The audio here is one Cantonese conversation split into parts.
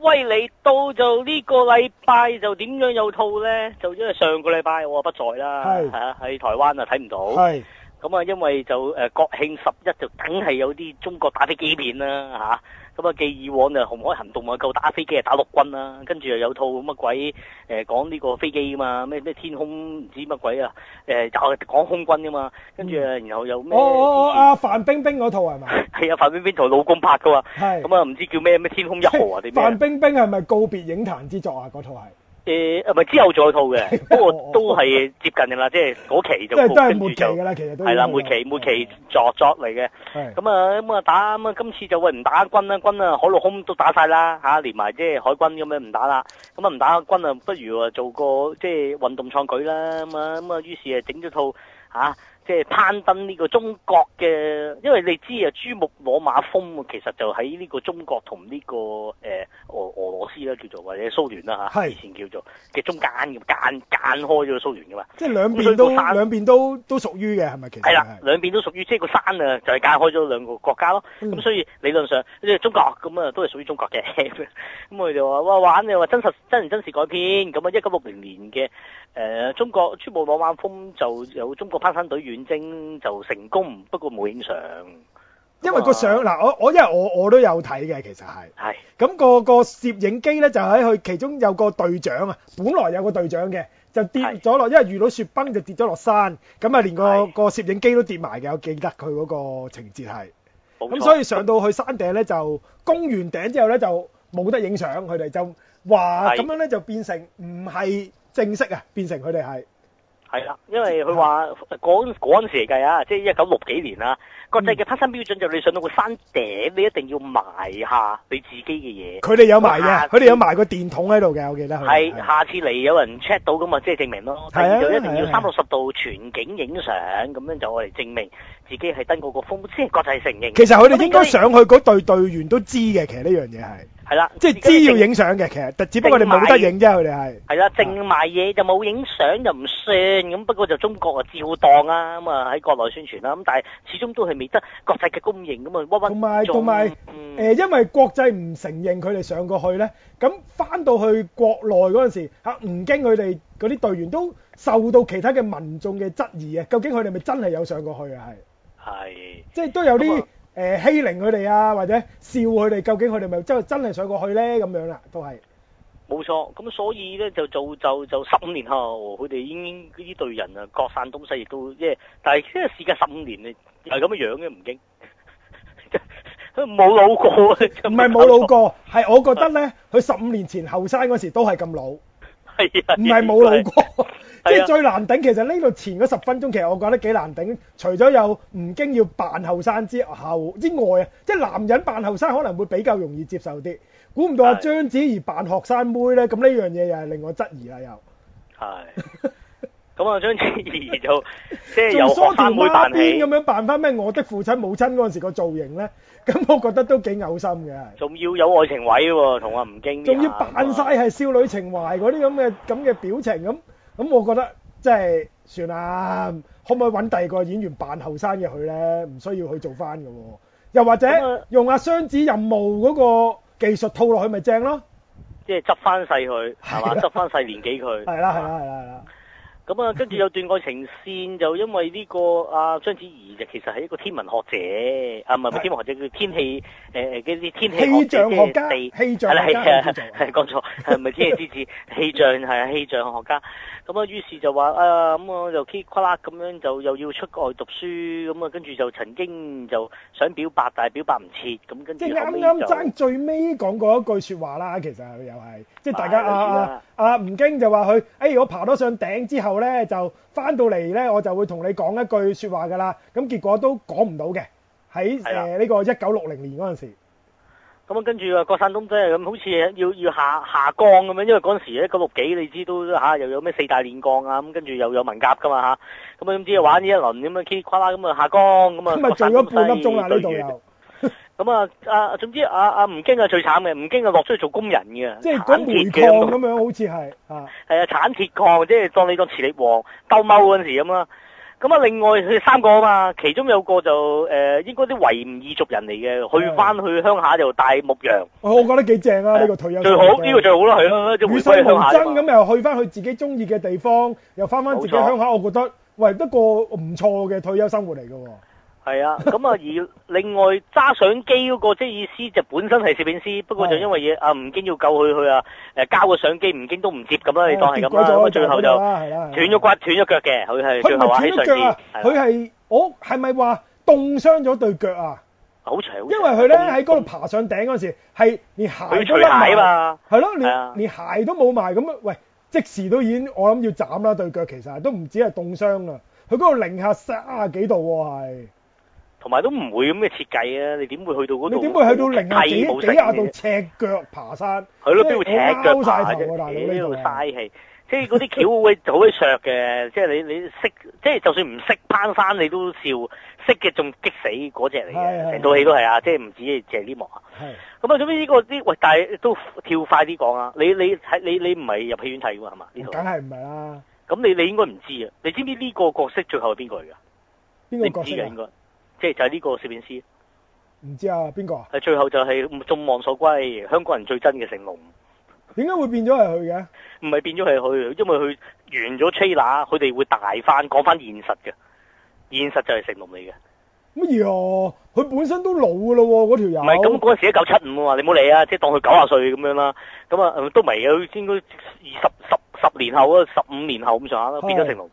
喂，你到就呢個禮拜就點樣有套咧？就因為上個禮拜我就不在啦，係是啊，喺台灣啊睇唔到，係咁啊，因為就誒、呃、國慶十一就梗係有啲中國打飛機片啦吓。啊咁啊，記以往就紅海行動啊，夠打飛機啊，打陸軍啦，跟住又有套乜鬼誒講呢個飛機啊，咩咩天空唔知乜鬼啊，誒講空軍噶嘛，跟住然後又咩、嗯？哦，阿范冰冰嗰套係咪？係啊，范冰冰同老公拍噶嘛。咁 啊，唔知叫咩咩天空一號啊啲咩？范冰冰係咪是、嗯、告別影壇之作啊？嗰套係。誒，唔係、欸、之後做一套嘅，不過 都係接近嘅啦， 即係嗰期就冇，跟住就係啦、就係啊，每期、嗯、每期作作嚟嘅。咁啊咁啊打咁啊，今次就會唔打軍啦，軍啊，軍啊海陸空都打晒啦嚇，連埋即係海軍咁樣唔打啦。咁啊唔打軍啊，不如做個即係、即係、運動創舉啦。咁啊咁啊，於是啊整咗套嚇即係攀登呢個中國嘅，因為你知啊，珠穆朗瑪峰其實就喺呢個中國同呢、這個誒俄、呃、俄羅斯啦，叫做或者蘇聯啦、啊、嚇，是以前叫做嘅中間咁間間開咗個蘇聯噶嘛，即係兩邊都兩邊都都屬於嘅係咪？其實係啦，兩邊都屬於即係、就是、個山啊，就係隔開咗兩個國家咯。咁、嗯、所以理論上即係中國咁啊，這樣都係屬於中國嘅。咁我哋話哇玩你話真實真人真事改編，咁啊一九六零年嘅誒、呃、中國珠穆朗瑪峰，就有中國攀山隊員。遠征就成功，不過冇影相，因為個相嗱，我我因為我我都有睇嘅，其實係，係唉，咁個個攝影機咧就喺佢其中有個隊長啊，本來有個隊長嘅，就跌咗落，唉因為遇到雪崩就跌咗落山，咁啊連個唉個攝影機都跌埋嘅，我記得佢嗰個情節係，咁錯所以上到去山頂咧就攻完頂之後咧就冇得影相，佢哋就話咁樣咧就變成唔係正式啊，變成佢哋係。係啦，因為佢話講嗰陣時嚟計啊，即係一九六幾年啊，國際嘅攀登標準就你上到個山頂，你一定要埋下你自己嘅嘢。佢哋有埋嘅，佢哋次有埋個電筒喺度嘅，我記得。係，下次嚟有人 check 到咁啊，即係證明咯。係，就一定要三六十度全景影相，咁樣就我嚟證明自己係登過個峰先，是國際承認。其實佢哋應該上去嗰隊隊員都知嘅，其實呢樣嘢係。係啦，即係知要影相嘅，其實，但只不過你冇得影啫，佢哋係。係啦，淨賣嘢就冇影相就唔算咁，不過就中國啊照當啊咁啊喺國內宣傳啦咁，但係始終都係未得國際嘅公認咁啊，屈屈。同埋同埋誒，因為國際唔承認佢哋上過去咧，咁翻到去國內嗰陣時嚇，吳京佢哋嗰啲隊員都受到其他嘅民眾嘅質疑啊，究竟佢哋係咪真係有上過去啊？係。係。即係都有啲。誒，欺凌佢哋啊，或者笑佢哋，究竟佢哋咪真真係想過去咧？咁樣啦，都係。冇錯，咁所以咧，就做就就十五年後，佢哋已經呢隊人啊，各散東西，亦都即係，但係即係時隔十五年啊，係咁樣樣嘅，唔驚。都冇老過啊！唔係冇老過，係我覺得咧，佢十五年前後生嗰時都係咁老。唔係冇路過，即係最難頂。其實呢度前嗰十分鐘，其實我覺得幾難頂。除咗有吳京要扮後生之後之外啊，即係男人扮後生可能會比較容易接受啲。估唔到阿章子怡扮學生妹呢，咁呢樣嘢又係令我質疑啦又的。係。 咁啊，章子怡就即係又梳條孖辮咁樣扮翻咩？我的父親母親嗰陣時個造型咧，咁我覺得都幾嘔心嘅。仲要有愛情位喎，同阿吳京啲。仲要扮曬係少女情懷嗰啲咁嘅咁嘅表情咁，咁我覺得即係算啦。可唔可以揾第二個演員扮後生嘅佢咧？唔需要去做翻嘅喎。又或者用阿雙子任務嗰個技術套落去咪正咯？即係執翻細佢係嘛，執翻細年紀佢。係啦，係啦，係啦。咁啊，跟住有段愛情線，就因為呢、這個阿章、啊、子怡就其實係一個天文學者，啊唔係天文學者叫天氣誒誒啲天氣氣象學家，係啦係啊係講錯，係咪天氣之子，氣象係啊氣象學家。咁啊，於是就話啊咁啊，就 key 啦咁樣就又要出國讀書，咁啊跟住就曾經就想表白，但係表白唔切，咁跟住即係啱啱爭最尾講過一句説話啦，其實又係即係大家啊啊吳京就話佢誒我爬到上頂之後。我咧就返到嚟咧，我就會同你講一句說話噶啦，咁結果都講唔到嘅。喺誒呢個一九六零年嗰陣時，咁啊跟住啊郭山東真係咁，好似要要下下降咁樣，因為嗰陣時一九六幾，你知都吓又有咩四大煉鋼啊，咁跟住又有文革噶嘛吓，咁點知玩呢一輪咁樣，噼里呱啦咁啊下降咁啊，咁啊做咗半粒鐘啦呢度又。咁啊，阿總之阿阿吳京啊最慘嘅，吳京啊落出去做工人嘅，啊啊，即產鐵嘅咁樣好似係啊，係啊，產鐵礦即係當你個磁力王兜踎嗰陣時咁啦。咁啊，另外佢三個啊嘛，其中有個就誒、呃，應該啲維吾爾族人嚟嘅，去翻去鄉下就帶牧羊的、啊。我覺得幾正啊，呢個退休生活最好呢，這個最好啦，咯，與鄉同耕咁又去翻去自己中意嘅地方，又翻翻自己鄉下，錯我覺得喂，一個唔錯嘅退休生活嚟嘅。係啊，咁啊，而另外揸相機嗰個，即係意思就本身係攝影師，不過就因為嘢啊，吳京要救佢，去啊誒交個相機，吳京都唔接咁啦，你當係咁啦。最後就斷咗骨、斷咗腳嘅，佢係最後喺上面。佢斷咗腳啊！佢係我係咪話凍傷咗對腳啊？好長。因為佢咧喺嗰度爬上頂嗰時係連鞋都甩埋啊嘛，係咯，連連鞋都冇埋咁啊！喂，即時都已經我諗要斬啦對腳，其實都唔止係凍傷啊！佢嗰度零下卅幾度喎，係。同埋都唔會咁嘅設計啊！你點會去到嗰啲零下幾幾啊度赤腳爬山？係咯，邊會赤腳爬啫？喺度嘥氣，即係嗰啲橋喂，好鬼削嘅。即係你你識，即係就算唔識攀山，你都笑識嘅，仲激死嗰隻嚟嘅。成套戲都係啊，即係唔止淨呢幕啊。咁啊，總之呢個啲喂，但係都跳快啲講啊！你你睇你你唔係入戲院睇嘅喎，係嘛？梗係唔係啊！咁你你應該唔知啊？你知唔知呢個角色最後係邊個嚟㗎？邊個角色？即係就係呢個攝影師、啊，唔知啊邊個最後就係眾望所歸，香港人最真嘅成龍。點解會變咗係佢嘅？唔係變咗係佢，因為佢完咗吹喇，佢哋會大翻，講翻現實嘅。現實就係成龍嚟嘅。乜嘢啊？佢本身都老㗎喎、啊，嗰、那、條、個、人。唔係咁嗰陣時一九七五啊嘛，你冇理啊，即係當佢九十歲咁樣啦。咁啊，都未啊，佢應該二十十十年後啊，十五年後咁上下啦，變咗成，成龍。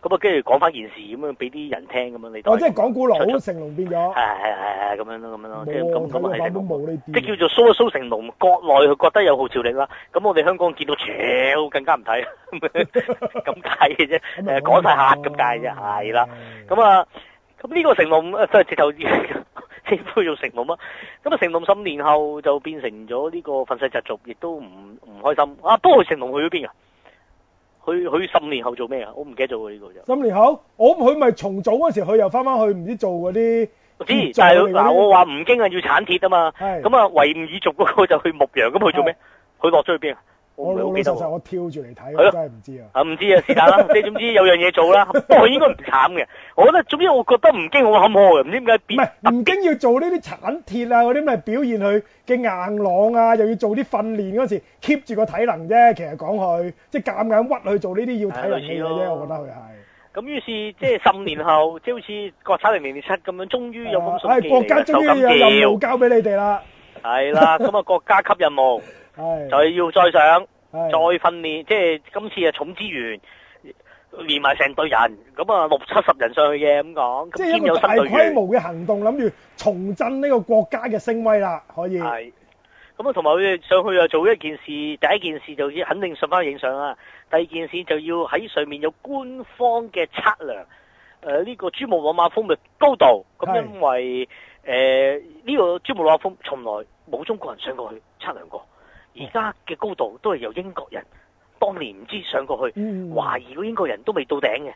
咁啊，跟住講翻件事咁樣，俾啲人聽咁樣，你當即係講古龍成龍變咗，係係係係咁樣咯，咁樣咯，即係咁咁啊，成龍即係叫做蘇一蘇成龍，國內佢覺得有號召力啦，咁我哋香港見到超更加唔睇，咁解嘅啫，誒講晒客咁解啫，係啦，咁啊，咁呢個成龍真係直頭稱呼做成龍啊，咁啊成龍十年後就變成咗呢個憤世嫉俗，亦都唔唔開心，啊不過成龍去咗邊啊？佢佢十年後做咩啊？我唔記得咗喎呢個就。十年後，我佢咪重組嗰時，佢又翻翻去唔知做嗰啲。知。但係嗱，我話吳京啊要鏟鐵啊嘛。咁啊，維吾爾族嗰個就去牧羊，咁佢做咩？佢是的 落咗去邊啊？我老實實，我跳住嚟睇，我真係唔知啊！啊唔知啊，是但啦，即係總之有樣嘢做啦，不過應該唔慘嘅。我覺得總之我覺得吳京好坎坷嘅，唔知點解。唔係吳京要做呢啲產鐵啊嗰啲咩表現佢嘅硬朗啊，又要做啲訓練嗰時 keep 住個體能啫。其實講佢即係夾硬屈去做呢啲要體能嘅啫，我覺得佢係。咁於是即係十年後，即係好似國產零零七咁樣，終於有風信機嚟受教。係國家終於有任務交俾你哋啦。係啦，咁啊國家級任務。是就要再上，是再訓練，是即係今次嘅重資源連埋成隊人，咁啊，六七十人上去嘅咁講，即係一個大規模嘅行動，諗住重振呢個國家嘅聲威啦。可以咁啊，同埋佢哋上去啊，做一件事，第一件事就要肯定順翻影相啦。第二件事就要喺上面有官方嘅測量，誒、呃、呢、呢個珠穆朗瑪峰嘅高度。咁因為誒呢是、呃呢個珠穆朗瑪峰從來冇中國人上過去測量過。而家嘅高度都係由英國人，當年唔知上過去，懷疑嗰英國人都未到頂嘅，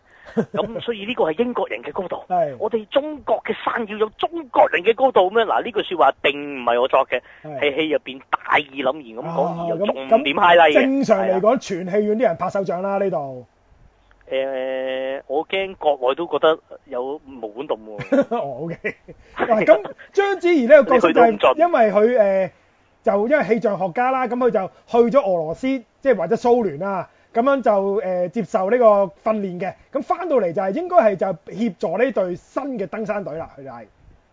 咁所以呢個係英國人嘅高度。我哋中國嘅山要有中國人嘅高度咩？嗱呢句説話定唔係我作嘅，喺戲入邊大義凜然咁講，又重點 high 啦。正常嚟講，全戲院啲人拍手掌啦呢度。誒，我驚國外都覺得有冇毛管戙喎。OK 嗱咁，章子怡呢個角色，因為佢誒。就因為氣象學家啦，咁佢就去咗俄羅斯，即係或者蘇聯啊，咁樣就、呃、接受呢個訓練嘅。咁翻到嚟就係應該係就協助呢隊新嘅登山隊啦。佢就係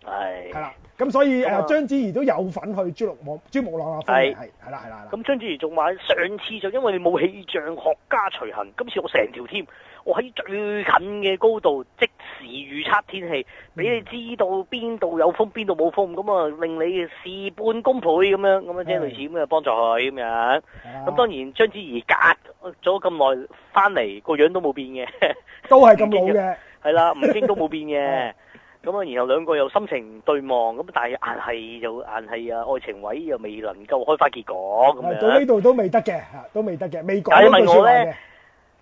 係係啦。咁所以誒、啊，麼章子怡都有份去珠穆朗珠穆朗瑪峯係啦，係啦。咁章子怡仲話上次就因為冇氣象學家隨行，今次我成條添，我喺最近嘅高度即時預測天氣，俾你知道邊度有風，邊度冇風，咁啊令你事半功倍咁樣，咁啊即係類似咁啊幫助佢咁樣。咁當然章子怡隔咗咁耐翻嚟，個樣都冇變嘅，都係咁好嘅。係啦，吳京都冇變嘅。咁啊，然後兩個又心情對望，咁但係硬係就硬係啊，愛情位又未能夠開花結果咁樣。到呢度都未得嘅，都未得嘅，未講到説話嘅。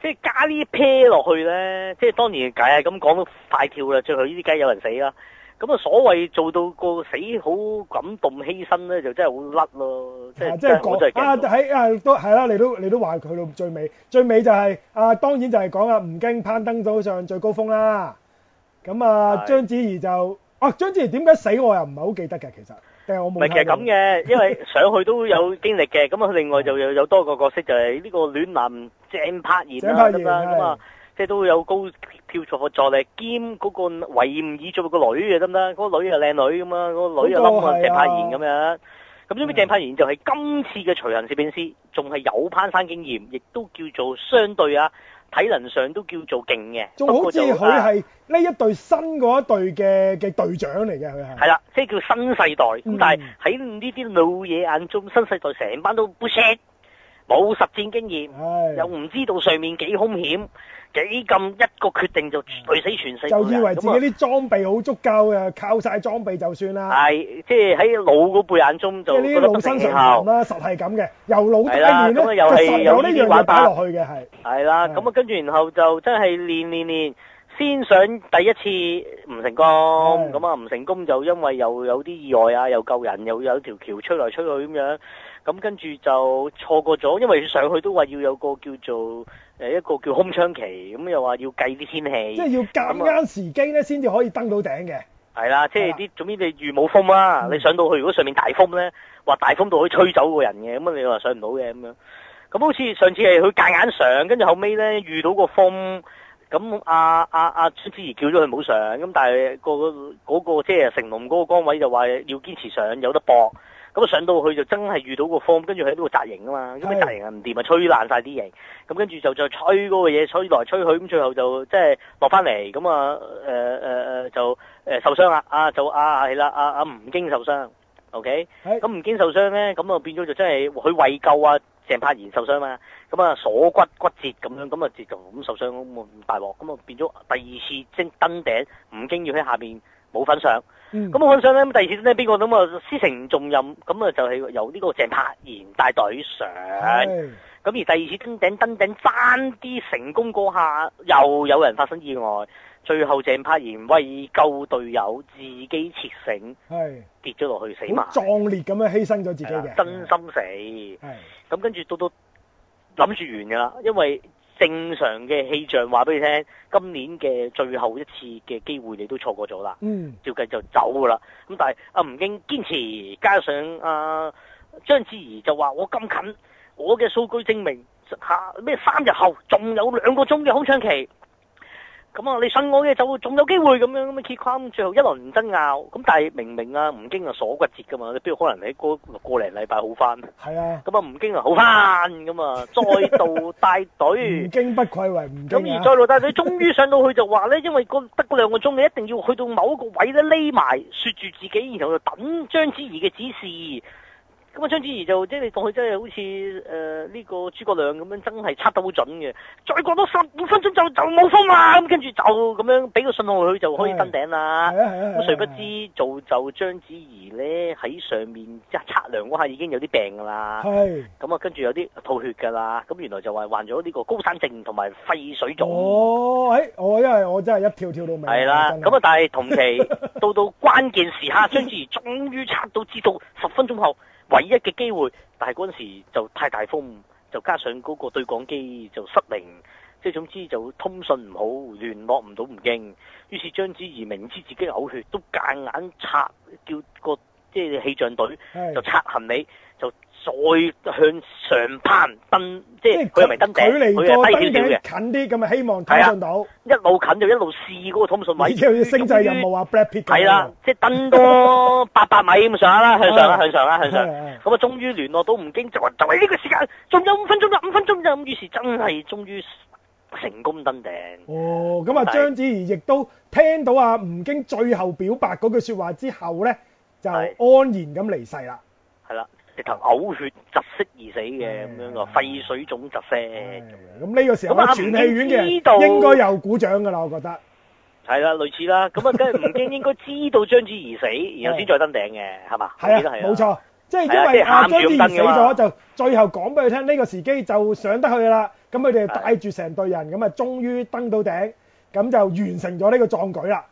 即係加呢啲 pair 落去咧，即係當然係咁講到快跳啦，最後呢啲梗有人死啦。咁啊，所謂做到個死好感動犧牲咧，就真係好甩咯。即係即係講啊喺啊都係啦，你都你都話佢到最尾，最尾就係啊，當然就係講啊吳京攀登咗上最高峰啦。咁啊，章子怡就哦，章子怡點解死我又唔係好記得嘅，其實。其實咁嘅，因為上去都有經歷嘅。咁啊，另外就有有多個角色就係呢個暖男，鄭柏炎啦，咁啊，即係都有高票數合作咧，兼嗰個維吾爾族、那個女嘅，得唔得？個女又靚女咁啊，個女又冧啊，鄭柏炎咁樣。咁所以鄭柏炎就係今次嘅隨行攝影師，仲係有攀山經驗，亦都叫做相對啊，體能上都叫做勁嘅。仲好就佢係呢一隊新嗰一隊嘅嘅隊長嚟嘅，係啦，即係叫新世代。咁、嗯、但係喺呢啲老嘢眼中，新世代成班都不冇實戰經驗，又唔知道上面幾兇險，幾咁一個決定就累死全世，就以為自己啲裝備好足夠，又靠晒裝備就算啦。係，即係喺老嗰輩眼中就覺得老成常啦，實係咁嘅。由老得一面都，有呢樣玩法落去嘅係。係啦，咁啊，跟住然後就真係練練練，先想第一次唔成功，咁啊唔成功就因為又有啲意外啊，又救人，又有條橋吹來吹去咁樣。咁跟住就錯過咗，因為上去都話要有個叫做誒一個叫空窗期，咁又話要計啲天氣，即係要揀啱時機咧，先至可以登到頂嘅。係啦樣，即係啲的總之你遇冇風啦，的你上到去如果上面大風咧，話大風都可以吹走個人嘅，咁啊你話上唔到嘅咁樣。咁好似上次係佢夾硬上，跟住後尾咧遇到個風，咁阿阿阿孫思怡叫咗佢冇上，咁但係個嗰個即係成龍嗰個崗位就話要堅持上有得搏。咁上到去就真係遇到個風，跟住喺呢度紮營噶嘛，咁啊紮營啊唔掂啊，吹爛晒啲營。咁跟住就再吹嗰個嘢，吹來吹去，咁最後就即係落翻嚟，咁、就、啊、是，誒誒誒就誒受傷啦。啊，就啊係啦，啊啊吳京受傷。O、okay? K 是。咁吳京受傷咧，咁啊變咗就真係佢為救啊鄭柏然受傷啊。咁啊鎖骨骨折咁樣，咁啊就咁受傷咁大鑊，咁啊變咗第二次即係登頂，吳京要喺下面。冇份上，咁冇份上咧，咁第二次咧，邊個咁啊？施承重任，咁啊就係由呢個鄭柏賢帶隊上，咁的而第二次登頂，登頂爭啲成功嗰下，又有人發生意外，最後鄭柏賢為救隊友，自己撤繩，跌咗落去死埋，壯烈咁樣犧牲咗自己嘅。的真心死，咁跟住都都諗住完㗎喇，因為。正常嘅氣象話俾你聽，今年嘅最後一次嘅機會你都錯過咗啦，嗯，照計就走㗎啦。咁但係阿吳京堅持，加上阿、啊、章子怡就話：我咁近，我嘅數據證明下咩、啊、三日後仲有兩個鐘嘅空窗期。咁啊，你信我嘅就總有機會咁樣。咁啊，揭框最後一輪爭拗。咁但係明明啊，吳京啊鎖骨折噶嘛，你不如可能你嗰個零禮拜好翻？係是啊。咁啊，吳京啊好翻咁啊，再度帶隊。 吳京不愧為吳京咁、啊、 而再度帶隊，終於上到去就話咧，因為得個兩個鐘，你一定要去到某一個位咧匿埋，說住自己，然後就等章子怡嘅指示。咁啊！章子怡就即係你當佢真係好似誒呢個諸葛亮咁樣，真係測得好準嘅。再過多十五分鐘就就冇風啦。咁、啊、跟住就咁樣俾個信號佢就可以登頂啦。咁誰不知造就章子怡咧喺上面即係測量嗰下已經有啲病㗎啦。咁啊的，跟住有啲吐血㗎啦。咁原來就話患咗呢個高山症同埋肺水腫。哦、哎，我因為，我真係一條跳，跳到尾。係啦的，咁啊，但係同期 到到關鍵時刻，章子怡終於測到知道十分鐘後。唯一嘅機會，但係嗰陣時就太大風，就加上嗰個對講機就失靈，即係總之就通訊唔好，聯絡唔到唔驚。於是章子怡明知自己嘔血，都夾硬拆叫個即係氣象隊就拆行李，就再向上攀登，即係佢係咪登頂？距離多啲少少嘅，近啲咁啊，希望睇得到。一路近就一路試嗰個通訊位。終於星際任務啊 Brad Pitt 係啦，即係登多八百米咁上下啦，向上啊，向上啊，向上。咁啊，終於聯絡到吳京，就話就喺呢個時間，仲有五分鐘咋，五分鐘咋。咁於是真係終於成功登頂。哦，咁啊，章子怡亦都聽到啊，吳京最後表白嗰句説話之後呢，就安然咁離世啦。係啦。直頭嘔血窒息而死嘅，咁樣，個肺水腫窒息，咁，呢個時候喺全戲院嘅，應該有鼓掌噶啦，我覺得係啦類似啦，咁啊，梗係吳京應該知道章子怡死，然後先再登頂嘅係嘛？係啊，冇錯，即係因為啊章子怡死咗就最後講俾佢聽呢個時機就上得去啦，咁佢哋帶住成隊人咁啊，終於登到頂，咁就完成咗呢個壯舉啦。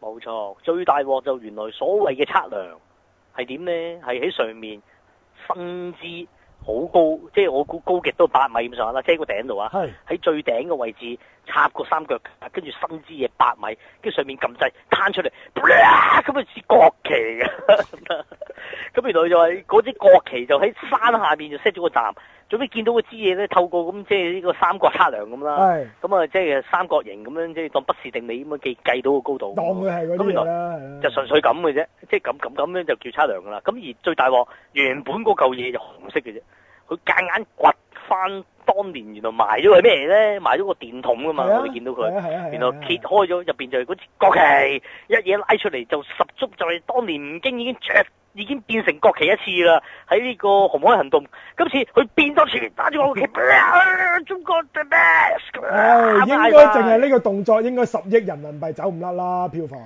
冇錯，最大鑊就原來所謂嘅測量係點咧？係喺上面。伸枝好高，即係我估高極都八米咁上下啦，即係個頂度啊，喺是最頂嘅位置插個三腳，跟住伸枝嘢八米，跟住上面撳掣攤出嚟，咁啊似國旗嘅，咁 原來就係、是、嗰支國旗就喺山下面就設咗個站。總之見到嗰支嘢咧，透過咁即係呢個三角測量咁啦，咁啊即係三角形咁樣即係當畢氏定理咁樣計計到個高度，咁佢係就純粹咁嘅啫，即係咁咁咁樣就叫測量噶啦。咁而最大鑊，原本嗰嚿嘢就紅色嘅啫，佢夾硬掘。翻當年原來賣咗個咩咧？賣咗個電筒噶嘛，啊、我哋見到佢，然、啊啊、來揭開咗入邊就係嗰支國旗，一嘢拉出嚟就十足，就係當年吳京已經已經變成國旗一次啦。喺呢個紅海行動，今次佢變多次打住我國旗， 中國 the best？應該淨係呢個動作應該十億人民幣走唔甩啦，票房。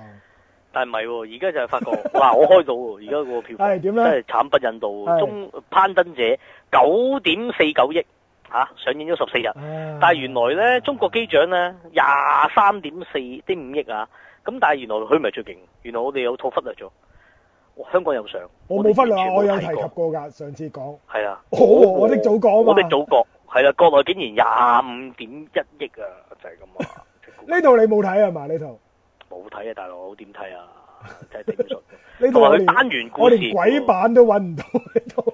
但係唔係喎，而家就係發覺，嗱我開到喎，而家個票房點樣真係慘不忍睹是中攀登者九點四九億。吓、啊、上映咗十四日，但係原來咧中國機長咧廿三點四點五億啊，咁但係原來佢唔係最勁，原來我哋有套忽略咗，香港有上，我冇忽略，我有，我有提及過噶，上次講，係啊，我哋啲早講啊，我的祖國係啦，國內竟然廿五點一億啊，就係咁啊，呢套你冇睇啊嘛？呢套冇睇啊，大佬我點睇啊？真係睇唔出，佢我單元故事我連鬼版都搵唔到呢套。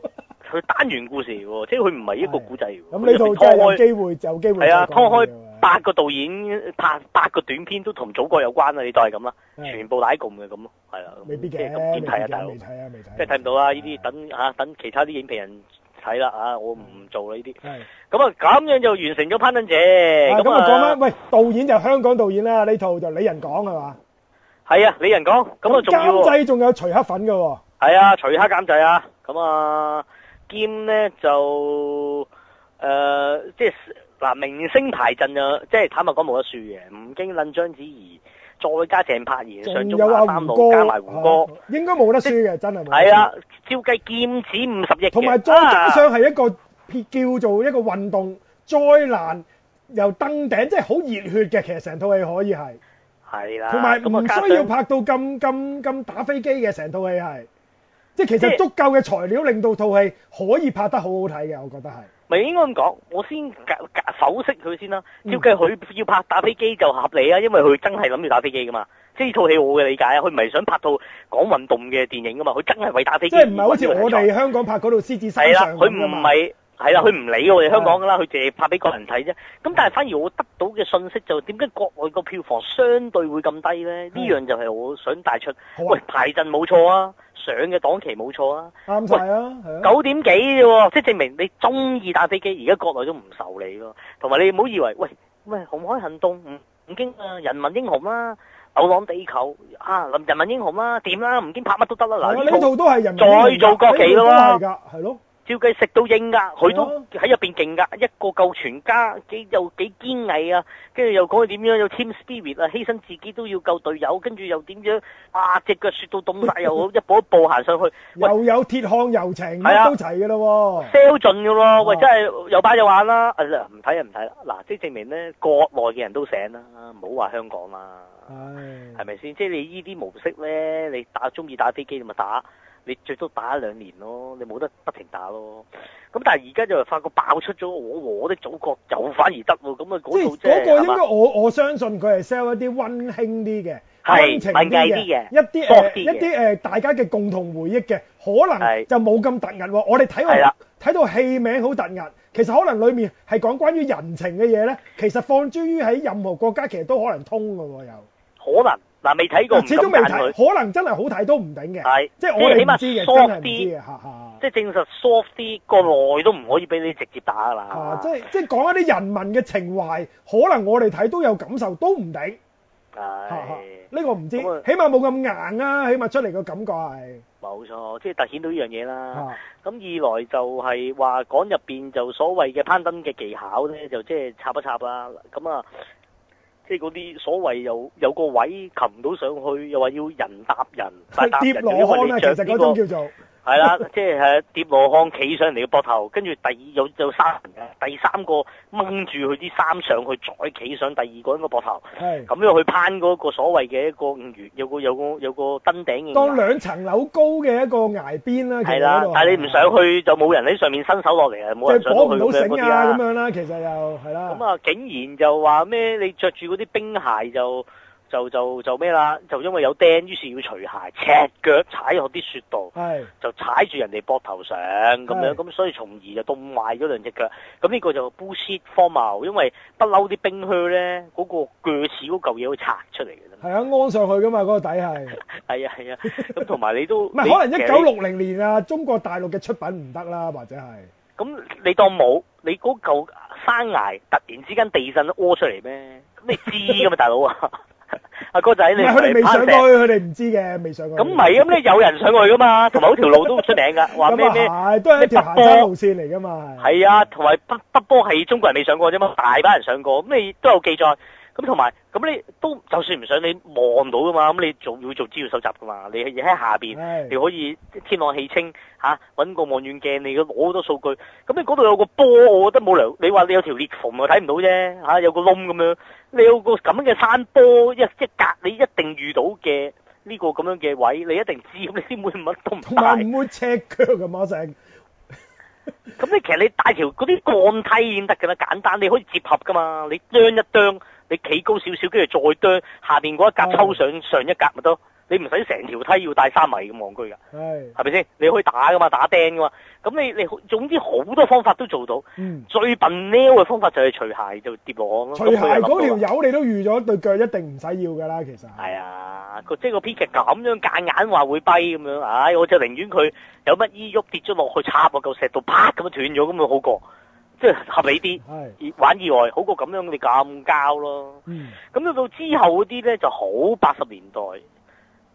佢單元故事喎，即係佢唔係一個古仔喎。咁呢套真係有機會就有機會。係啊，拖開八個導演拍八個短片都同祖國有關啊！你都係咁啦，全部乃共嘅咁咯，係啦。未必嘅。即係點睇啊，大佬？啊，未即係睇唔到啊。呢啲等嚇等其他啲影評人睇啦嚇，我唔做啦呢啲。係。咁啊，咁樣就完成咗攀登者。咁啊，講翻喂，導演就香港導演啦，呢套就李仁港係嘛？係啊，李仁港。咁啊，仲要。監製仲有徐克粉嘅喎。係啊，徐克監製啊，咁啊。劍咧就誒、呃，即係嗱，明星排陣就即係坦白講冇得輸嘅，吳京攞章子怡，再加井柏然，仲有阿三哥加埋胡歌，啊，應該冇得輸嘅，即真係係啊，照計劍指五十億，同埋再加上係一個、啊、叫做一個運動災難，又登頂，即係好熱血嘅，其實成套戲可以係係啦，同埋唔需要拍到咁咁咁打飛機嘅，成套戲係。即係其實足夠嘅材料令到套戲可以拍得好好睇嘅，我覺得係。咪應該咁講，我先揀揀否識佢先啦。照計佢要拍打飛機就合理啊，因為佢真係諗住打飛機噶嘛。即係套戲我嘅理解啊，佢唔係想拍套講運動嘅電影噶嘛，佢真係為打飛機。即係唔係好似我哋香港拍嗰套《獅子山》。係啦，佢唔係。係啦，佢唔理我哋香港噶啦，佢淨係拍俾國人睇啫。咁但係反而我得到嘅信息就，點解國外個票房相對會咁低呢？呢樣就係我想帶出。喂，排陣冇錯啊，上嘅檔期冇錯啊。啱啊，九點幾啫喎，即係證明你中意打飛機，而家國內都唔受理咯。同埋你唔好以為，喂喂，《紅海行動》吳吳京啊，《人民英雄》啦，《流浪地球》啊，《人民英雄》啦，點啦，吳京拍乜都得啦。嗱，呢度都係人民英雄，再做國企咯。都係㗎，係咯。照計食到應噶，佢都喺入邊勁噶，一個夠全家，幾又幾堅毅啊！跟住又講佢點樣，又 team spirit 啊，犧牲自己都要救隊友，跟住又點樣？啊隻腳雪到凍晒， 又一步一步行上去，又有鐵漢柔情，啊、都齊噶喇 sell 盡噶，喂，真係又擺又玩啦，唔睇又唔睇啦。嗱，即係證明咧，國內嘅人都醒啦，唔好話香港啦，係咪先？即係你依啲模式咧，你打中意打飛機你咪打。你最多打一兩年咯，你冇得不停打咯。咁但係而家就發覺爆出咗，我我的祖國就反而得喎。咁啊，嗰度即係應該我吧我相信佢係 sell 一啲温馨啲嘅，温是情啲嘅，一啲一啲些大家嘅共同回憶嘅，可能就冇咁突兀喎。我哋睇到睇到戲名好突兀，其實可能裏面係講關於人情嘅嘢咧，其實放諸於喺任何國家其實都可能通噶喎，又可能。嗱，未睇過始終未睇過，可能真係好睇都唔頂嘅，係即係我哋起碼 soft 啲，即係證實 soft 啲，過耐都唔可以俾你直接打㗎啦，即係即係講一啲人民嘅情懷，可能我哋睇都有感受，都唔頂，係呢個唔知，起碼冇咁硬啦，起碼出嚟個感覺係冇錯，即係凸顯到呢樣嘢啦。咁二來就係話講入邊就所謂嘅攀登嘅技巧咧，就即係插一插啦，咁啊。即係嗰啲所謂又有，有個位擒唔到上去，又話要人搭人，搭人，因為你話你著呢個？係啦， 即係疊羅漢企上嚟嘅膊頭，跟住第二有有三嘅，第三個掹住佢啲衫上去，再企上第二個人嘅膊頭，係咁的樣去攀嗰個所謂嘅一個月，有個有個有個登頂嘅。當兩層樓高嘅一個崖邊啦、啊，係啦的，但你唔上去就冇人喺上面伸手落嚟啊，冇人上到去嘅嗰啊，咁樣啦、啊，其實又係啦。咁啊，竟然就話咩？你着住嗰啲冰鞋就～就就就咩啦？就因為有釘，於是要除鞋，赤腳踩落啲雪度，的就踩住人哋膊頭上咁的樣咁，所以從而就凍壞咗兩隻腳。咁呢個就 Bullshit Formal，因為不嬲啲冰靴咧，嗰個鋸齒嗰嚿嘢會拆出嚟嘅啫。係啊，安上去噶嘛嗰個底係。係啊係啊，咁同埋你都 你可能一九六零年啊， 中國大陸嘅出品唔得啦，或者係咁你當冇你嗰嚿山崖突然之間地震屙出嚟咩？咁你知噶嘛，大佬啊！阿哥仔，你佢哋未上過，佢哋唔知嘅，未上過。咁唔係，咁咧有人上過噶嘛，同埋嗰條路都出名噶，話咩咩？都係一條行山路線嚟噶嘛。係啊，同埋北北坡係中國人未上過啫嘛，大把人上過，咁你都有記載。咁同埋，咁你都就算唔想你望到㗎嘛？咁你仲要做資料搜集㗎嘛？你喺下面，你可以天朗氣清嚇，揾、啊、個望遠鏡，你攞好多數據。咁你嗰度有個波，我覺得冇理由。你話你有條裂縫我睇唔到啫、啊、有個窿咁樣。你有個咁樣嘅山坡一一隔你一定遇到嘅呢個咁樣嘅位，你一定知，咁你先會乜都唔帶，唔會扯腳㗎嘛，就係。咁你其實你帶條嗰啲鋼梯先得㗎啦，簡單你可以接合㗎嘛，你釺一釺。你企高少少，跟住再哚下面嗰一格，抽上上一格咪得？你唔使成條梯要帶三米咁戇居㗎，係咪先？你可以打㗎嘛，打釘㗎嘛。咁你你總之好多方法都做到。嗯、最笨呢嘅方法就係除鞋就跌落。除脫鞋嗰條友你都預咗對腳一定唔使、哎就是、要㗎啦，其實。係啊，個即係個編劇咁樣夾硬話會跛咁樣，唉，我就寧願佢有乜衣喐跌咗落去插個嚿石度啪咁樣斷咗咁咪好過。即係合理啲，是玩意外好過咁樣。你咁交咯。咁到、嗯、到之後嗰啲咧就好八十年代，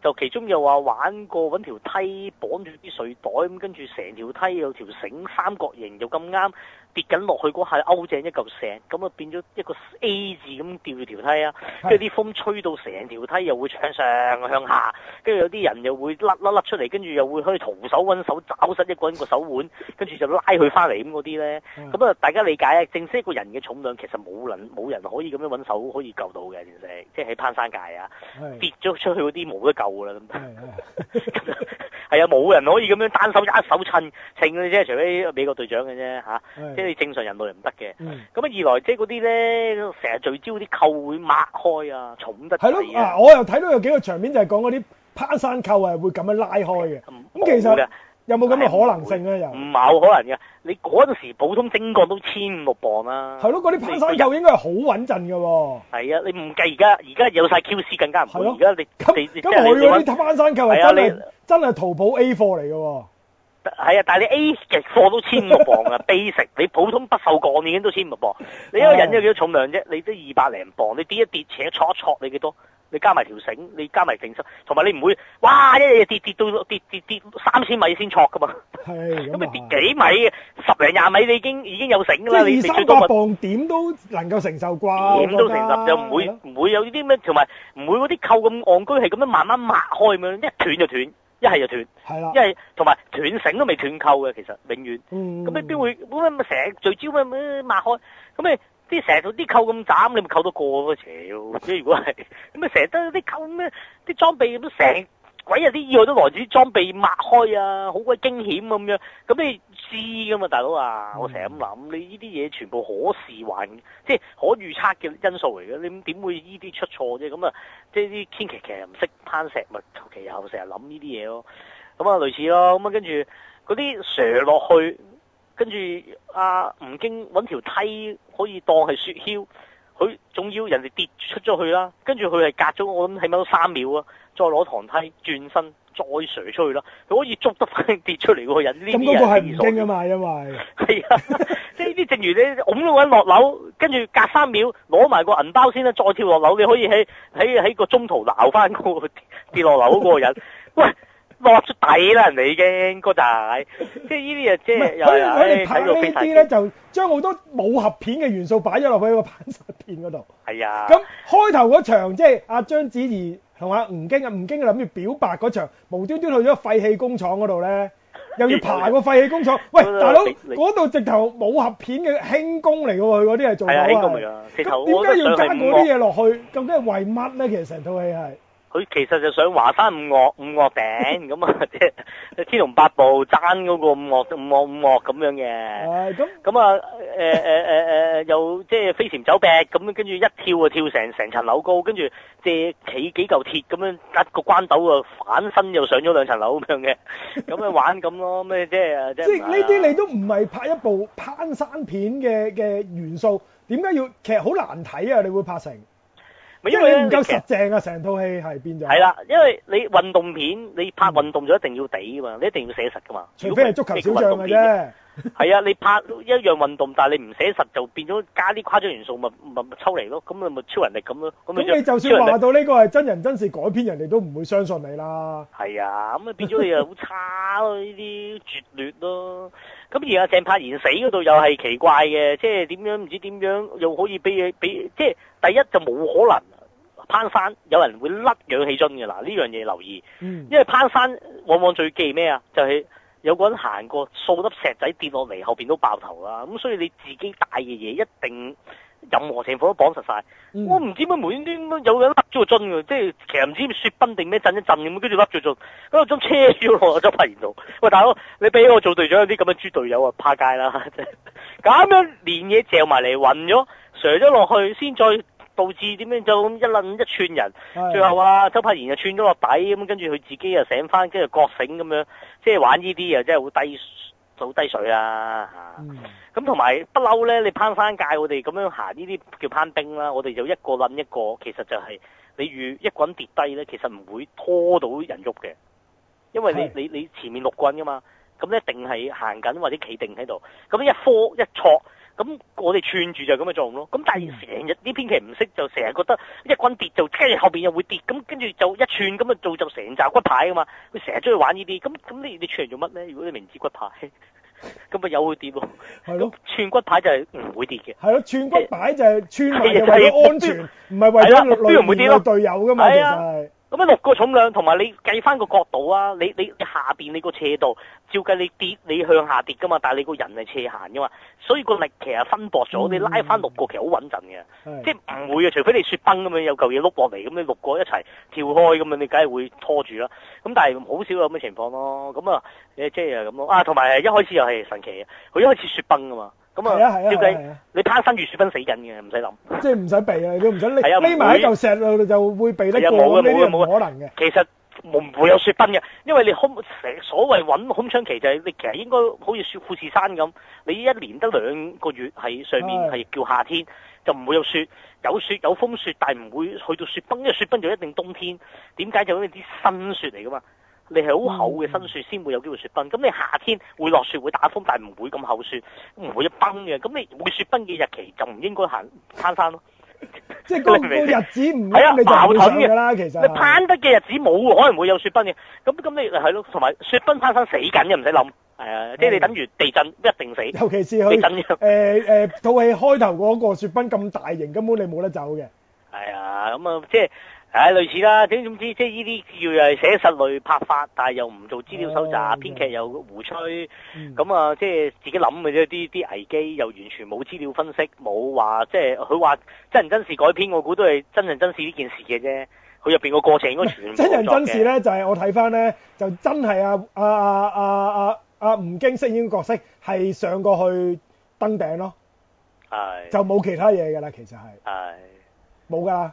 就其中又話玩過揾條梯綁住啲睡袋，咁跟住成條梯有條繩，三角形又咁啱。跌緊落去嗰下，勾正一嚿石，咁啊變咗一個 A 字咁掉條梯啊，跟住啲風吹到成條梯又會向上向下，跟住有啲人又會甩甩甩出嚟，跟住又會可以徒手揾手抓實一個人個手腕，跟住就拉佢翻嚟咁，嗰啲咧，咁啊、嗯、大家理解啊，正式一個人嘅重量其實冇能冇人可以咁樣揾手可以救到嘅，其實即係喺攀山界啊，跌咗出去嗰啲冇得救噶啦咁。嗯 係啊，冇人可以咁樣單手一手撐稱嘅啫，除非美國隊長嘅啫吓，即、啊、係的正常人類唔得嘅。咁啊的二來，即係嗰啲咧，成日聚焦啲扣會擘開啊，重得嚟啊，係咯，啊我又睇到有幾個場面就係講嗰啲攀山扣係，會咁樣拉開嘅。咁其實。有冇咁嘅可能性啊？又唔好可能嘅，你嗰陣時普通精鋼都千五六磅啦、啊。係咯，嗰啲攀山扣應該係好穩陣㗎喎。係啊，你唔計而家，而家有曬 QC 更加唔好。而家你咁你即係你攞你，你攀山扣嚟真係真係淘寶 A 貨嚟嘅喎。係啊，但你，你，A 級貨都千五六磅啊 basic 你普通不鏽鋼已經都千五六磅，你一個人有幾多重量啫？你都二百零磅，你跌一跌扯一扯，你幾多？你加埋條繩，你加埋承受，同埋你唔會，哇！一日跌跌到跌跌跌，跌，跌三千米先挫噶嘛，咁你的 跌幾米，的十零廿米你已經已經有繩啦，你你最多磅點都能夠承受啩？點、啊、都承受，就唔會唔的會有呢啲咩，同埋唔會嗰啲扣咁戇居，係咁樣慢慢擘開咁樣，一斷就斷，一係就斷，係啦的，一係同埋斷繩都未斷扣嘅，其實永遠，咁、嗯、你邊會，咁樣成日聚焦咩咩擘開，咁你？啲成套啲扣咁斬，你咪扣得過個咯，邪喎！即係如果係咁啊，成日都啲扣咩啲裝備咁都成鬼日啲意外都來自啲裝備抹開啊，好鬼驚險咁樣。咁你知噶嘛，大佬啊，我成日咁諗，你呢啲嘢全部可視還，即係可預測嘅因素嚟嘅。你點會依啲出錯啫？咁啊，即係啲天其實唔識攀石，咪求其又成日諗呢啲嘢咯。咁啊，類似咯，咁啊跟住嗰啲錫落去。跟住阿吳京揾條梯可以當係雪橇，佢仲要人哋跌出咗去啦。跟住佢係隔咗，我諗起碼都三秒啊。再攞堂梯轉身再 s r 出去啦。佢可以捉得翻跌出嚟嗰個人。咁嗰個係唔同㗎嘛，因為、 啊，即係呢啲正如你㧬咗個人落樓，跟住隔三秒攞埋個銀包先啦，再跳落樓，你可以喺喺喺個中途撈翻嗰個跌落樓嗰個人。 喂！落咗底啦，人哋已經哥仔，即係呢啲嘢即係佢佢哋睇呢啲咧，就將好多武俠片嘅元素擺咗落去個版殺片嗰度。係啊！咁開頭嗰場即係阿章子怡同阿吳京啊，吳京佢諗住表白嗰場，無端端去咗廢棄工廠嗰度咧，又要爬個廢棄工廠。喂，大佬嗰度直頭武俠片嘅輕功嚟嘅喎，佢嗰啲係做。係啊，咁嚟㗎。咁點解要加嗰啲嘢落去？究竟係為乜咧？其實成套戲係。佢其實就上華山五岳五岳頂，咁啊，即係天龍八部爭嗰個五岳五岳五岳咁樣嘅。係咁。咁啊，誒誒誒誒，又即係飛檐走壁咁樣，跟住一跳就跳成成層樓高，跟住即係企幾嚿鐵咁樣一個關斗啊，反身又上咗兩層樓咁樣嘅，咁樣玩咁咯。咩即係啊？即係呢啲你都唔係拍一部攀山片嘅嘅元素，點解要其實好難睇啊？你會拍成？因為你唔夠實正啊！成套戲係變咗。係啦，因為你運動片，你拍運動就一定要地啊嘛，嗯、你一定要寫實噶嘛。除非係足球小將嘅啫。係啊， 你拍一樣運動，但你唔寫實就變咗加啲誇張元素，咪咪咪抽離咯。咁咪咪超人力咁咯。咁你就算話到呢個係真人真事改編，人哋都唔會相信你啦。係啊，咁咪變咗你又好差咯，呢啲絕劣咯、啊。咁而阿鄭柏軒死嗰度又係奇怪嘅，即係點樣唔知點樣，又可以俾嘢俾即係第一就冇可能攀山，有人會甩氧氣樽嘅喇。呢樣嘢留意，嗯、因為攀山往往最忌咩啊？就係、是、有個人行過數粒石仔跌落嚟，後邊都爆頭啦。咁所以你自己帶嘅嘢一定。任何情況都綁實晒，我唔知乜無端端有人甩咗個樽㗎，即係其實唔知雪崩定咩震一震咁，跟住甩住住，嗰個樽車住落咗周柏賢度。喂，大佬，你俾我做隊長有啲咁嘅豬隊友啊，趴街啦！咁樣連嘢嚼埋嚟，暈咗，錘咗落去，先再，再導致點樣就一輪一串人，是的 最後啊，周柏賢就串咗個底咁，跟住佢自己又醒翻，跟住覺醒咁樣，即係玩呢啲啊，即係好低。好低水啦吓，咁同埋不嬲咧，你攀山界我哋咁樣行呢啲叫攀冰啦、啊，我哋就一個撚一個，其實就係你遇一滾跌低咧，其實唔會拖到人喐嘅，因為你你你前面六棍噶嘛，咁咧定係行緊或者企定喺度，咁一科一挫。咁我哋串住就咁嘅作用咯，咁但係成日呢篇期唔識就成日覺得一棍跌就跟住後邊又會跌，咁跟住就一串咁啊做就成扎骨牌㗎嘛，佢成日中意玩呢啲，咁咁你你串嚟做乜咧？如果你明知骨牌，咁咪有會跌咯，咁串骨牌就係唔會跌嘅，係咯，串骨牌就係串係安全，唔係為咗隊友唔會跌咯，咁啊六個重量同埋你計翻個角度啊，你你你下邊你個斜度。照計你跌你向下跌噶嘛，但係你個人係斜行噶嘛，所以個力其實分薄咗，你拉翻六個其實好穩陣嘅，嗯、即係唔會啊，除非你雪崩咁樣有嚿嘢碌落嚟咁樣六個一齊跳開咁樣，你梗係會拖住啦。咁但係好少有咁嘅情況咯。咁啊，即係咁咯。啊，同埋一開始又係神奇嘅，佢一開始雪崩噶嘛。咁啊，啊啊啊照計、啊啊啊、你攀山遇雪崩死緊嘅，唔使諗。即係唔使避呀啊！你唔想匿，匿埋喺嚿石度就會避得過冇冇，啊、可能嘅。其實。冇唔會有雪崩嘅，因為你空成所謂揾空窗期就係、是、你其實應該好似雪富士山咁，你一年得兩個月喺上面係叫夏天，就唔會有雪，有雪有風雪，但係唔會去到雪崩，因為雪崩就一定冬天。點解就因為啲新雪嚟噶嘛？你係好厚嘅新雪先會有機會雪崩。咁、嗯、你夏天會落雪會打風，但係唔會咁厚雪，唔會有崩嘅。咁你會雪崩嘅日期就唔應該行攀山咯。 即係嗰啲日子唔係啊，矛盾嘅啦，其實你攀得嘅日子冇，可能會有雪崩嘅。咁咁 你係咯，同埋雪崩攀生死緊嘅，唔使諗。係啊，的即係你等於地震一定死。尤其是去誒誒，套戲震、呃呃、開頭嗰個雪崩咁大型， 根本你冇得走嘅。係啊，咁、嗯、啊，即係。唉，類似啦，總總之即係呢啲叫又係寫實類拍法，但係又唔做資料搜集，編劇、oh, yeah. 又胡吹，咁、嗯、啊即係自己諗嘅啫，啲啲危機又完全冇資料分析，冇話即係佢話真人真事改編，我估都係真人真事呢件事嘅啫。佢入邊個過程應該全真人真事咧，就係、是、我睇翻咧，就真係啊啊啊啊啊啊吳京飾演嘅角色係上過去登頂咯，係的就冇其他嘢噶啦，其實係係冇噶。的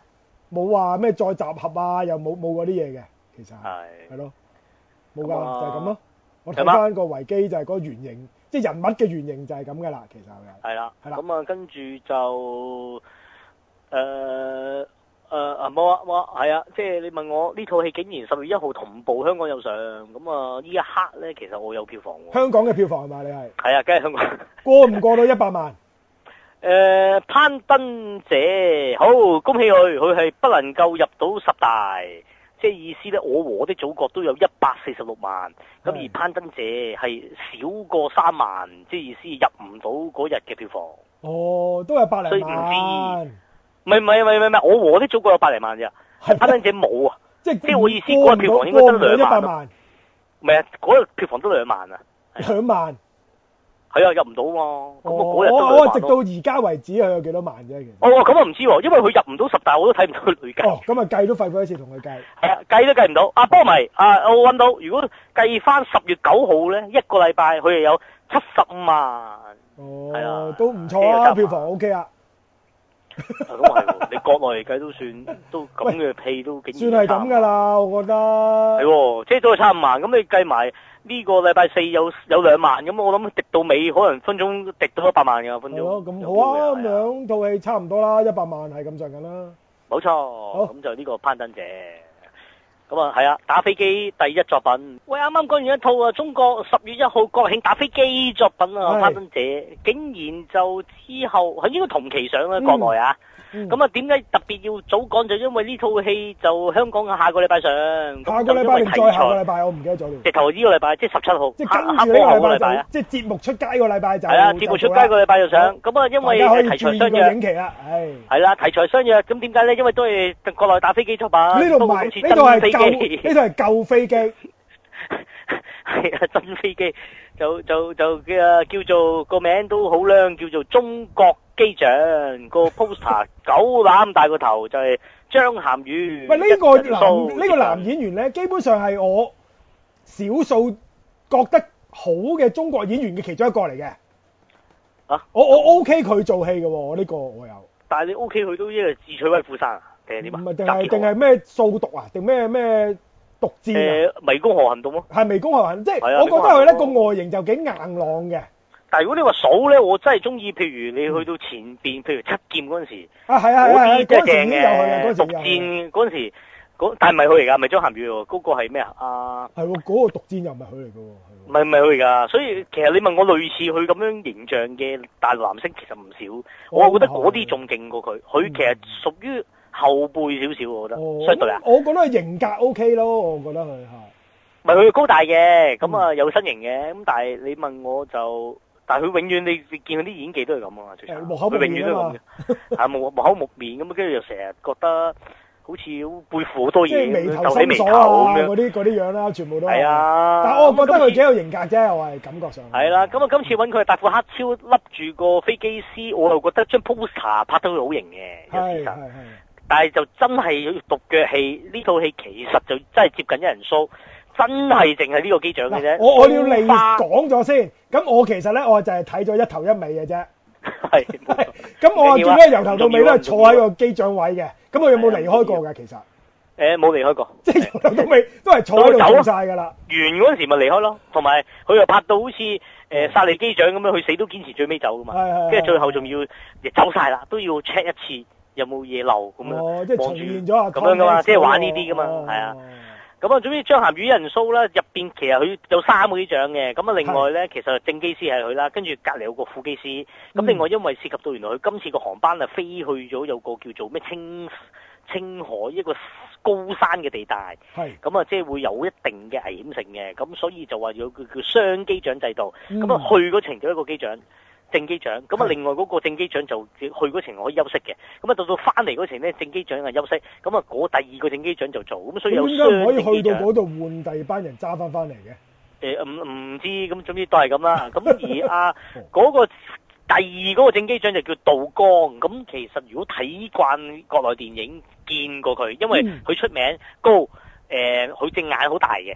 冇話咩再集合啊，又冇冇嗰啲嘢嘅，其實係係咯，冇㗎，就係咁咯。我睇翻個維基就係嗰個原型，即係人物嘅原型就係咁噶啦，其實係。係啦，係啦。咁啊，跟住就呃，誒啊冇啊冇啊，係啊，即係你問我呢套戲竟然十月一號同步香港有上，咁啊呢一刻咧，其實我有票房喎。香港嘅票房係嘛？你係係啊，梗係香港過唔過到一百萬？ 誒、呃，攀登者好，恭喜佢，佢係不能夠入到十大，即係意思咧，我和我的祖國都有一百四十六萬，咁的而攀登者係少過三萬，即係意思入唔到嗰日嘅票房。哦，都係百零，所以唔知，唔係唔係唔係唔係，我和我的祖國有百零萬啫，嗎攀登者冇啊。即係即係我意思，嗰日票房應該得兩萬。唔係啊，嗰日票房得兩萬啊。兩萬。係啊，入唔到啊嘛。咁啊，嗰日都幾萬。我我直到而家為止係有幾多萬啫？哦，咁我唔知喎，因為佢入唔到十大，我都睇唔到佢累計。咁啊，計都費鬼一次同佢計。係啊，計都計唔到。阿波迷，啊，我揾到，如果計翻十月九號咧，一個禮拜佢係有七十萬。哦，係啊，都唔錯啊，票房 OK 啊。咁係你國內嚟計都算都咁嘅屁，都竟然算係咁㗎啦，我覺得。係喎，即係都係差唔多。咁你計埋？呢個禮拜四有有兩萬咁，我諗滴到尾可能分鐘滴到一百萬嘅分鐘。咁好啊，好啊兩套戲差唔多啦，一百萬係咁滯噶啦。冇錯，咁好就呢個攀登者，咁啊係啊，打飛機第一作品。喂，啱啱講完一套啊，中國十月一號國慶打飛機作品啊，攀是登者竟然就之後係應該同期上啊，國內啊。咁啊，點解特別要早講就因為呢套戲就香港下個禮拜上，下個禮拜題材，下個禮拜我唔記得咗。直頭呢個禮拜，即係十七號，即係跟住呢個禮拜啊，即係節目出街個禮拜就係啦，節目出街個禮拜就上。咁啊，因為題材相約。唉，係啦，題材相約，咁點解咧？因為都係國內打飛機出品。呢度賣呢度係舊，呢度係舊飛機。係啊，新飛機就就就叫叫做個名都好靚，叫做中國機長個 poster 九攬大個頭就係張涵予，喂，呢個男呢個男演員咧，基本上係我少數覺得好嘅中國演員嘅其中一個嚟嘅。啊！我我 OK 佢做戲嘅喎，呢個我有。但係你 OK 佢都一樣自取威風生，智取威虎山啊？定係點啊？定係定係咩掃毒啊？定咩咩毒戰啊？誒，湄公河行動咯，係湄公河行，即係我覺得佢咧個外形就幾硬朗嘅。但係如果你話數咧，我真係中意，譬如你去到前邊，譬如七劍嗰陣時，啊係啊，嗰啲真係正嘅。毒戰嗰陣時，嗰，但係唔係佢嚟噶，唔係張涵予，嗰個係咩啊？係喎，嗰個毒戰又唔係佢嚟噶，係。唔係唔係佢嚟噶，所以其實你問我類似佢咁樣形象嘅大陸男星，其實唔少。我啊覺得嗰啲仲勁過佢，佢其實屬於後輩少少，我覺得。相對啊。我覺得佢型格 O K 咯，我覺得佢吓。唔係佢高大嘅，咁啊有身形嘅，咁但係你問我就。但係佢永遠你見佢啲演技都係咁啊，最慘。佢永遠都係咁嘅，係木口木面咁，跟住又成日覺得好似背負好多嘢，即係眉頭深鎖嗰啲嗰啲樣啦，全部都。係啊，但我覺得佢幾有型格啫，我係感覺上。係啦，咁啊，今次揾佢戴副黑超笠住個飛機師，我又覺得張 poster 拍得佢好型嘅，但係就真係要獨腳戲呢套戲，其實就真係接近一人 show。真係淨係呢個機長嘅啫，我我要嚟講咗先。咁我其實咧，我就係睇咗一頭一尾嘅啫。係。咁我點解由頭到尾都係坐喺個機長位嘅？咁佢有冇離開過㗎？其實誒冇離開過，即係由頭到尾都係坐喺度做曬㗎啦。完嗰時咪離開咯，同埋佢又拍到好似誒薩利機長咁樣，佢死都堅持最尾走㗎嘛。係係。跟住最後仲要亦走曬啦，都要 check 一次有冇嘢漏咁樣。哦，即係重現咗咁樣㗎嘛？即係玩呢啲㗎嘛？係啊。咁啊、嗯，總之張涵予一人騷啦，入邊其實佢有三個機長嘅，咁啊另外呢，是的 其實正機師係佢啦，跟住隔籬有個副機師，咁、嗯、另外因為涉及到原來佢今次個航班啊飛去咗有個叫做咩青青海一個高山嘅地帶，咁啊是的、嗯、即係會有一定嘅危險性嘅，咁所以就話有個叫雙機長制度，咁啊、嗯、去嗰程叫一個機長。正機長，咁啊，另外嗰個正機長就去嗰程可以休息嘅，咁啊到到翻嚟嗰程咧，正機長啊休息，咁啊嗰第二個正機長就做，咁所以有時可以去到嗰度換第二班人揸翻翻嚟嘅。唔唔、呃、知，咁總之都係咁啦。咁 而啊嗰、那個第二嗰個正機長就叫杜江，咁其實如果睇慣國內電影，見過佢，因為佢出名、嗯、高，誒佢隻眼好大嘅。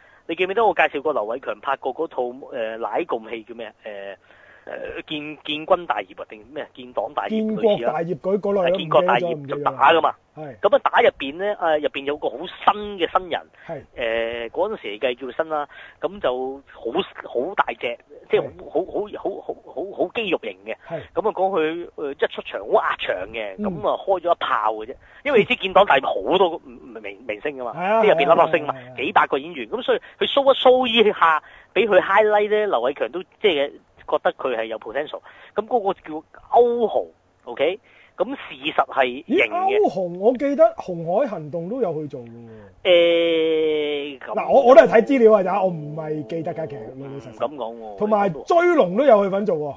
你記唔記得我介紹過劉偉強拍過嗰套誒、呃，奶共戲叫咩啊？呃誒、呃，建建軍大業定咩？建黨大業類似啦，建國大業，建國大業就打噶嘛。係咁啊，打入邊咧，誒，入邊有個好新嘅新人。係誒的，嗰陣、呃、時嘅叫新啦，咁就好好大隻，即係的好好好好好好肌肉型嘅。咁啊的，講佢誒一出場好壓場嘅，咁啊、嗯、開咗一炮嘅啫。因為你知建黨大業好多明明星噶嘛，即係入邊粒粒星嘛，幾百個演員，咁所以佢 show 一 show 以下，俾佢 highlight 咧，劉偉強都即係。覺得佢係有 potential，咁嗰個叫歐豪，OK？咁事實係型嘅。歐豪，我記得紅海行動都有去做嘅嗱、欸，我我都係睇資料係咋，我唔係記得嘅，其實老實咁講喎。同埋追龍都有去份做喎，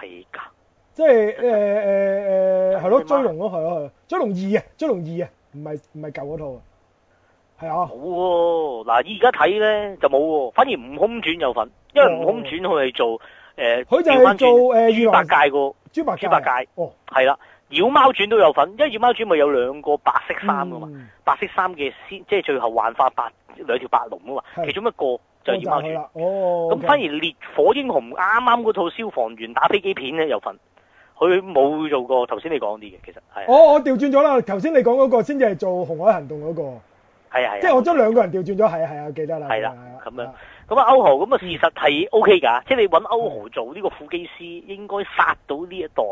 係㗎的，即係係咯，追龍咯，係咯的，追龍二啊，追龍二啊，唔係唔係舊嗰套啊。係啊，好喎！嗱，而家睇咧就冇喎，反而悟空傳有份，因為悟空傳佢係做誒，佢就係做誒豬八戒個豬八豬八戒哦，係啦，妖貓傳都有份，因為妖貓傳咪有兩個白色衫噶嘛，白色衫嘅先即係最後幻化白兩條白龍噶嘛，其中一個就係妖貓傳哦，咁反而烈火英雄啱啱嗰套消防員打飛機片咧有份，佢冇做過，頭先你講啲嘅，其實係。哦，我調轉咗啦，頭先你講嗰個先至係做紅海行動嗰個。係啊，係啊， 即係我將兩個人調轉咗，係啊，係啊，記得啦，係啦咁樣，咁啊歐豪咁啊事實係 O K 㗎， 即係你揾歐豪做呢個副機師 應該殺到呢一代。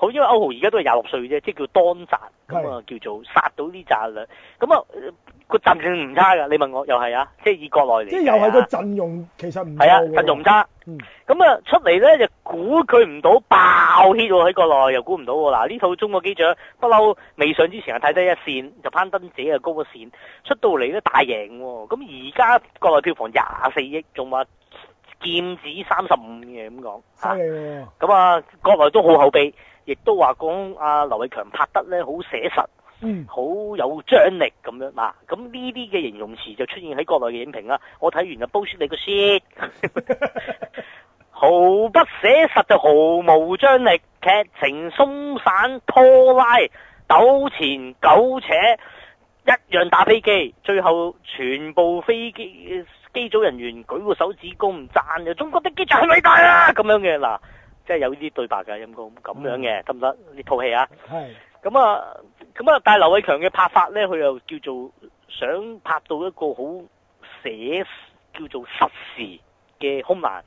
好，因為歐豪現在是26而家都係廿六歲啫，即係叫當賺咁啊，是就叫做殺到啲賺啦。咁啊，個陣性唔差㗎，你問我又係啊，即係以國內嚟講、啊，即係又係個陣容其實唔錯嘅、啊。陣容唔差，咁啊、嗯、出嚟咧就估佢唔到，爆 h e 喺國內又估唔到喎。嗱，呢套中個幾獎，不嬲未上之前啊，睇低一線就攀登者啊，高個線出到嚟都大贏喎。咁而家國內票房廿四億，仲話劍指三十五嘅，咁講嚇，咁啊國內都好口碑。亦都話講阿劉偉強拍得咧好寫實，好、嗯、有張力咁樣嗱，咁呢啲嘅形容詞就出現喺國內嘅影評啦。我睇完啊，褒說你個 shit，毫不寫實就毫無張力，劇情鬆散拖拉、抖前苟且、抖扯一樣打飛機，最後全部飛機機組人員舉個手指公唔讚，就中國的機長係偉大啦、啊。咁樣嘅嗱。啊即係有呢啲對白嘅陰公咁樣嘅得唔得？呢套戲啊，係咁啊，咁啊，但係劉偉強嘅拍法咧，佢又叫做想拍到一個好寫叫做實時嘅空難。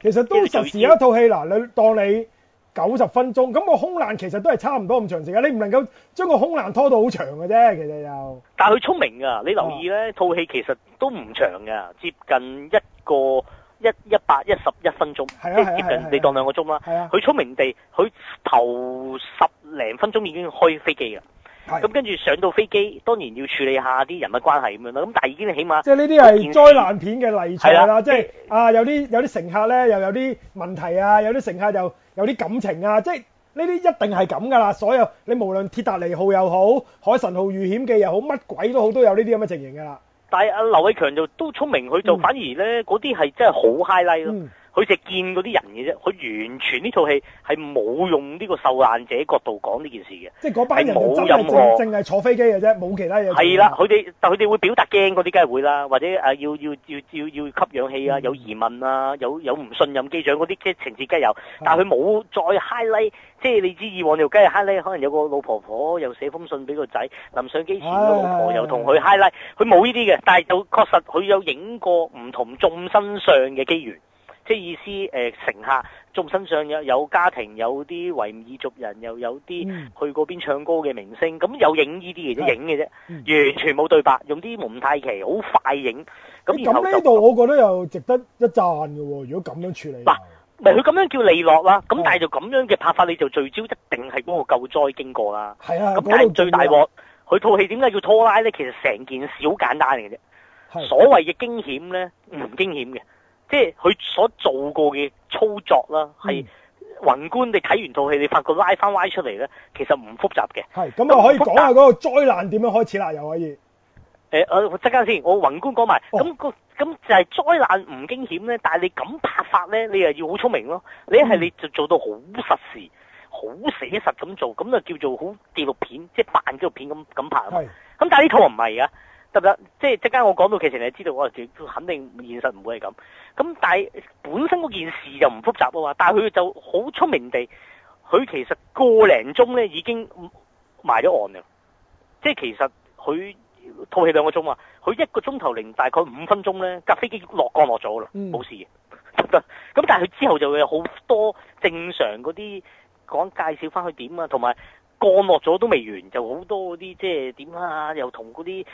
其實都實時有一套戲嗱，你當你九十分鐘，咁個空難其實都係差唔多咁長程嘅，你唔能夠將個空難拖到好長嘅啫。其實又，但係佢聰明㗎，你留意咧，套戲其實都唔長㗎，接近一個。一一百一十一分鐘，即係的接近你當兩個鐘啦。佢聰明地，佢頭十零分鐘已經開飛機啦。咁跟住上到飛機，當然要處理下啲人物關係咁樣啦。咁但係已經起碼即係呢啲係災難片嘅例子啦，即係啊有啲有啲乘客咧又有啲問題啊，有啲乘客就有啲感情啊，即係呢啲一定係咁㗎啦。所有你無論鐵達尼號又好，海神號遇險記又好，乜鬼都好，都有呢啲咁嘅情形㗎啦。但係阿劉偉強就都聰明，佢就反而咧嗰啲係真係好 highlight 咯。Mm. 佢就見嗰啲人嘅啫，佢完全呢套戲係冇用呢個受難者角度講呢件事嘅，即係嗰班人冇任何淨係坐飛機嘅啫，冇其他嘢。係啦，佢哋但佢哋會表達驚嗰啲，梗係會啦，或者誒、啊、要要要要要吸氧氣啊、嗯、啊，有疑問啊，有有唔信任機長嗰啲即係情節，梗有。但係佢冇再 highlight，即係你知以往條雞 highlight，可能有個老婆婆又寫封信俾個仔，臨上機前個老婆又同佢 highlight，佢冇呢啲嘅。但係就確實佢有影過唔同眾身上嘅機緣。即係意思，誒，乘客仲身上有有家庭，有啲維吾爾族人，又有啲去嗰邊唱歌嘅明星，咁有影呢啲嘢啫，影嘅啫，完全冇對白，用啲蒙太奇，好快影。咁咁呢度，我覺得又值得一讚嘅。如果咁樣處理，嗱，係佢咁樣叫利落啦。咁但係就咁樣嘅拍法，你就聚焦一定係嗰個救災經過啦。係啊。咁但係最大鑊，佢套戲點解叫拖拉咧？其實成件事好簡單嘅啫。所謂嘅驚險咧，唔驚險嘅。即係佢所做過嘅操作啦，係宏、嗯、觀你睇完套戲，你發覺拉翻歪出嚟咧，其實唔複雜嘅。係，咁就可以講下嗰個災難點樣開始啦，又可以。誒、欸，我陣間先，我宏觀講埋，咁咁、哦、就係災難唔驚險咧，但係你咁拍法咧，你又要好聰明咯。嗯、你一係你就做到好實事，好寫實咁做，咁就叫做好紀錄片，即係扮紀錄片咁咁拍。係是。咁但係呢套唔係㗎。嗯得唔得？即係即刻我講到，其實你知道我哋肯定現實唔會係咁。咁但係本身嗰件事就唔複雜啊嘛。但係佢就好聰明地，佢其實個零鐘咧已經埋咗案啦。即係其實佢套戲兩個鐘啊，佢一個鐘頭零大概五分鐘咧，架飛機落降落咗啦，冇事嘅，得、嗯。咁 但係佢之後就會有好多正常嗰啲講介紹翻佢點啊，同埋降落咗都未完，就好多嗰啲即係點啊，又同嗰啲。